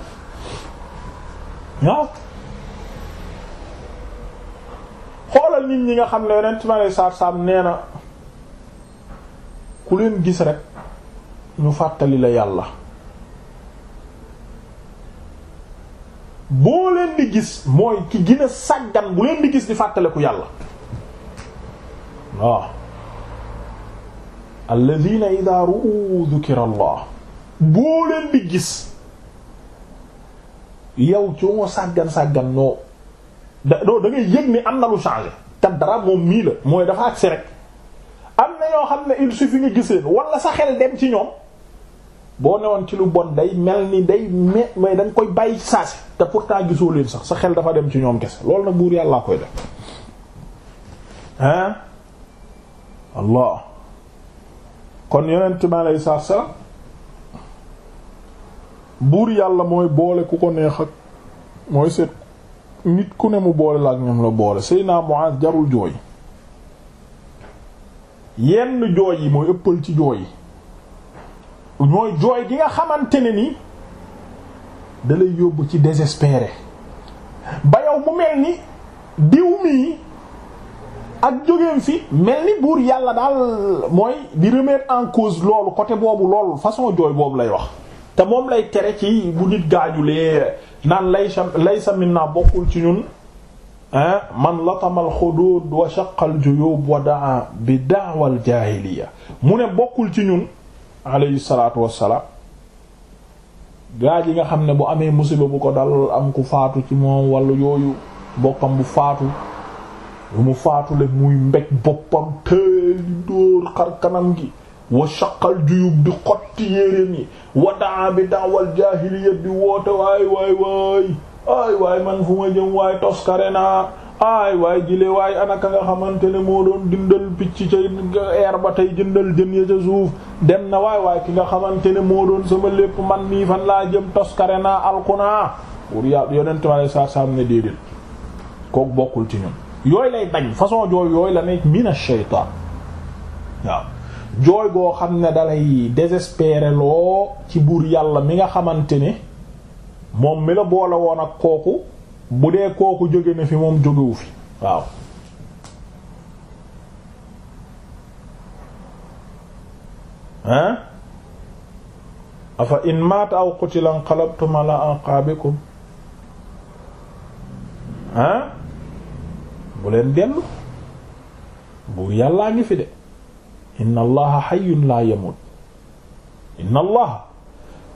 waaw xoolal nit ñi nga xam ne yonent ma lay saar nee na ku leen gis rek ñu fàttali la yàlla boo leen di gis mooy ki gën sàggan bu leen di gis di fàttaliku yàlla waaw alladina ida ru'u dhukira allah boo leen di gis yow coo sàggan sàggan noo da da ngay yëg ni am na lu changé te dara moom mii la mooy dafa agsi rek am na yoo xam ne il suffit gisee giseen wala sa xel dem ci ñoom boo newoon ci lu bon day mel ni day me mais da koy bàyyi saa si te pourtant gisoo leen sax sa xel dafa dem ci ñoom kese loolu nag buur yàllaa koy def hein allah kon yonent mi aleyi salaatu salaam buur yàlla mooy boole ku ko neex ak mooy seet nit ku ne mu boole la ak ñoom la boole Seydina Muaz jarul jooy yenn jooy yi mooy ëppal ci jooy yi mooy jooy gi nga xamante ne ni da lay yóbbu ci désespéré ba yow mu mel ni diw mii ak jógeem fi mel ni buur yàlla daal mooy di remettre en cause loolu côté boobu loolu façon jooy boobu lay wax te moom lay tere ci bu nit gaajulee naan laysa laysa minna bokkul ci ñun man latamal xuduud wa shaqal juyuub wa daa bi daawal jaahiliya mu ne bokkul ci ñun alayhi salaatu wassalaam gaa ji nga xam ne bu amee musiba bu ko dal am ku faatu ci moom walla yooyu bokkam bu faatu lu mu faatu le muy mbéj boppam tëy dóor xar kanam gi wa shaqal juyub di xotti yéreem yi wa daa daawal jaahiliya di woote waay waay waay ay waay man fu ma jëm waay toskare naa ay waay jile waay anaka nga xamante ne moo doon dindal picc ca ba tey jëndal jën ya ca suuf dem na waay waay ki nga xamante ne moo doon sama lépp man nii fan laa jëm toskare naa alku naa pour yàlla yonent ma saa saam ne déedéet kooku bokkul ti ñun yooyu lay bañ façon jooy yooyu la nekk mina jooy boo xam ne dalay désespéré ci buur yàlla mi nga xamante ne moom mi la boole woon ak kooku bu dee kooku jóge na fi moom jógewu fi waaw hein afa in maata aw qutila inqalabtum ala aqaabikum hein bu leen dellu buur yàllaa ngi fi de inna allaha xayyun laa yamuut inna allaha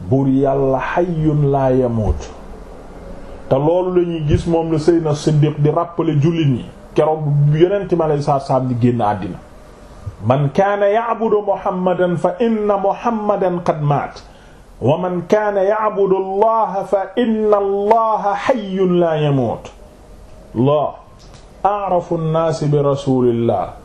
buur yàlla xayyun laa yamuut te loolu la ñuy gis moom la Seydina Siddiq di rappeler jullit ñi keroog yonent mi alayhi salaatu salaam di génn àddina man kaana ya'budu muhammadan fa inna muhammadan qad maat wa man kaana ya'budu allaha fa inna allaha xayyun laa yamuut la a'rafu an-naasi bi rasuulillah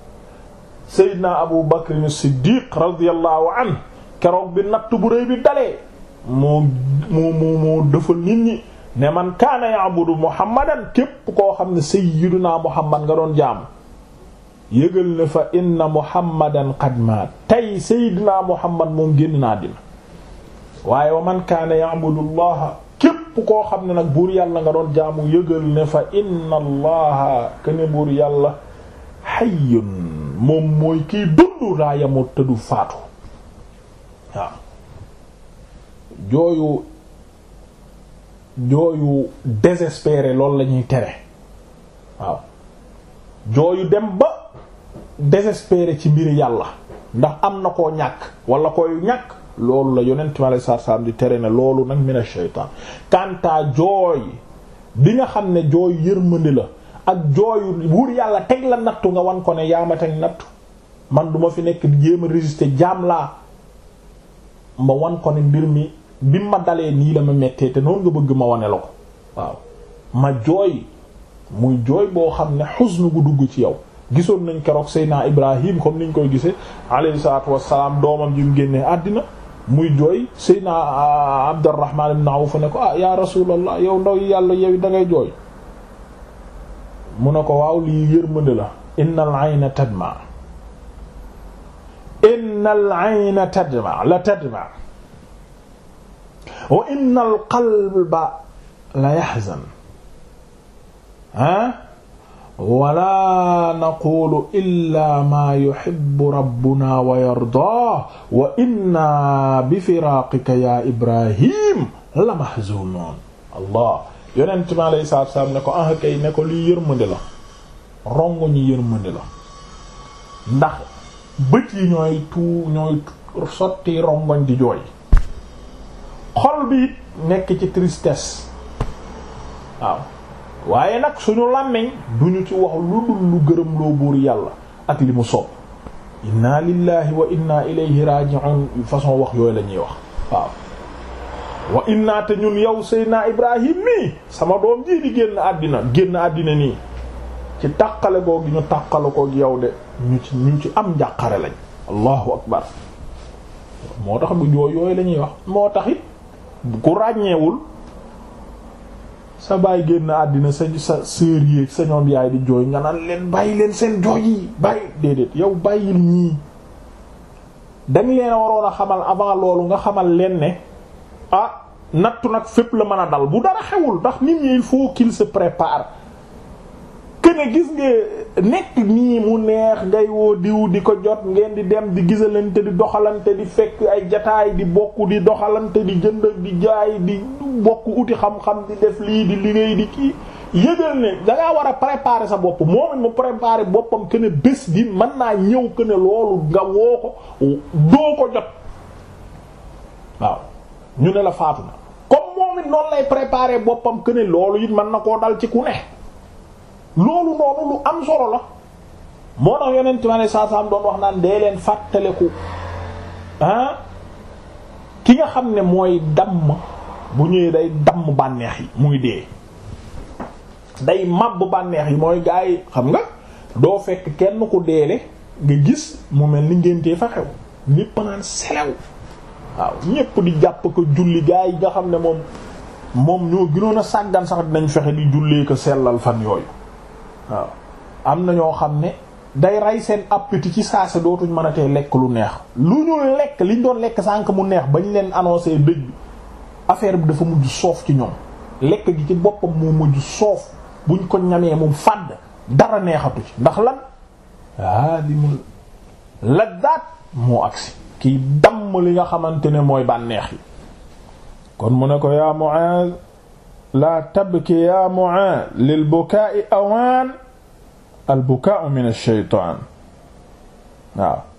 Seydina Abu Bakr as-Siddiq radiyallahu anhu keroog bi natt bu rëy bi dalee moo moo moo moo nit ñi ne man kaana ya'budu Muhammadan képp koo xam ne Seydina Muhammad nga doon jaamu yëgal ne fa inna Muhammadan qad maat tey Seydina Muhammad moom génn naa dina waaye wa man kaana ya'budu Allah képp koo xam ne nag buur yàlla nga doon jaamu yëgal ne fa inna allaha kene buur yàlla hayyun moom mooy kii dund daa yamoo tëddu faatu waaw jooyu jooyu désespéré loolu lañuy ñuy tere waaw jooyu dem ba désespéré ci mbiri yàlla ndax am na koo ñàkk wala koy ñàkk loolu la yonent mi alei satu salaam tere ne loolu nag mina shaytaan kanta jooy bi nga xam ne jooy yërmande la ak jooyu buur yàlla teg la nattu nga wan kone ne yaa ma teg nattu man duma fi nekk di jéem a résister jaam laa ma wan ko mbir mi bi ma dalee nii la ma mettee te noonu nga bëgg ma wane la ko waaw ma jooy muy jooy boo xam ne xusnu gu dugg ci yow gisoon nañ keroog Seydina Ibrahim comme niñ koy gisee alayhi salaatu wassalaam doomam ji mu génnee àddina muy jooy Seydina ah, Abdurrahman ibn fa ne ko ah ya rasulallah yow ndaw yi yàlla yow da ngay jooy mu ne ko waaw lii yërmande la innal ayna tadma innal ayna tadma la tadma wa innal qalba la yahzan ah wala naqulu illa ma yuhibbu rabbuna wa yarda wa inna bi firaqika ya ibrahim la mahzunuun allah yonent mi alayhi salaatu salaam ne ko ah kay ne ko lii yërmande la rongo ñi yërmande la ndax bët yi ñooy tuu ñooy sotti rongoñ di jooy xol bi nekk ci tristes waaw waaye nag suñu làmmiñ duñu ci wax lu dul lu gërëm loo buur yàlla ak li mu sopp inna lillahi wa inna ilayhi raji'un façon wax yooyu la ñuy wax waaw wa inna te ñun yow Seydina Ibrahim nii sama doom jii di génn àddina génn àddina nii ci tàqale koo gi ñu tàqale koo gi yow de ñu ci am njàqare lañ allahu akbar moo tax bu jooy yooyu lañuy wax moo taxit ku ràññeewul sa baay génn àddina sa sa sœur yi sa ñoom yaay di jooy nga naan leen bàyyi leen seen jooy yi bàyyi déedéet yow bàyyil ñii dañ leen waroon a xamal avant loolu nga xamal leen ne ah nattu nag fépp la mën a dal bu dara xewul ndax nit ñi il faut qu'il se prépare que gis nga nekk nii mu neex ngay woo diw di ko jot ngeen di dem di gisalante di doxalante di fekk ay jataay di bokk di doxalante di jënd di jaay di bokk uti xam-xam di def lii di liggéey di kii yëgal ne dangaa war a prépare sa bopp moom mu préparer boppam que bés bi mën naa ñëw que loolu nga woo ko doo ko jot waaw ñu ne la faatu na comme moom it noonu lay préparer boppam que ne loolu it mën na koo dal ci ku ne loolu noonu lu am solo la moo tax yonent ma ne saasaam doon wax naan dee leen fàttaleku ah ki nga xam ne mooy damm bu ñëwee day damm bànneex yi muy dee day màbb bànneex yi mooy gaa yi xam nga doo fekk kenn ku deele nga gis mu mel ni ngéntee fa xew lépp naan selew waaw ñépp di jàpp ko julli gaa yi nga xam ne moom moom ñoo gënoon a sàggan sax dinañ fexe di jullee ko sellal fan yooyu waaw am na ñoo xam ne day rey seen appétit ci saa si dootuñ mën a tee lekk lu neex lu ñu lekk liñ doon lekk sànq mu neex bañ leen annoncé dëj bi affaire bi dafa mujj soof ci ñoom lekk gi ci boppam mu mujj soof buñ ko ñamee mu fàdd dara neexatu ci ndax lan ah di mu la daat moo agsi kiy damm li nga xamante ne mooy bànneex yi kon mu ne ko yaa Mu'aaz laa tabki yaa Mu'aaz lil bukaa'i awaan al bukaa'u min ash-shaytaan waaw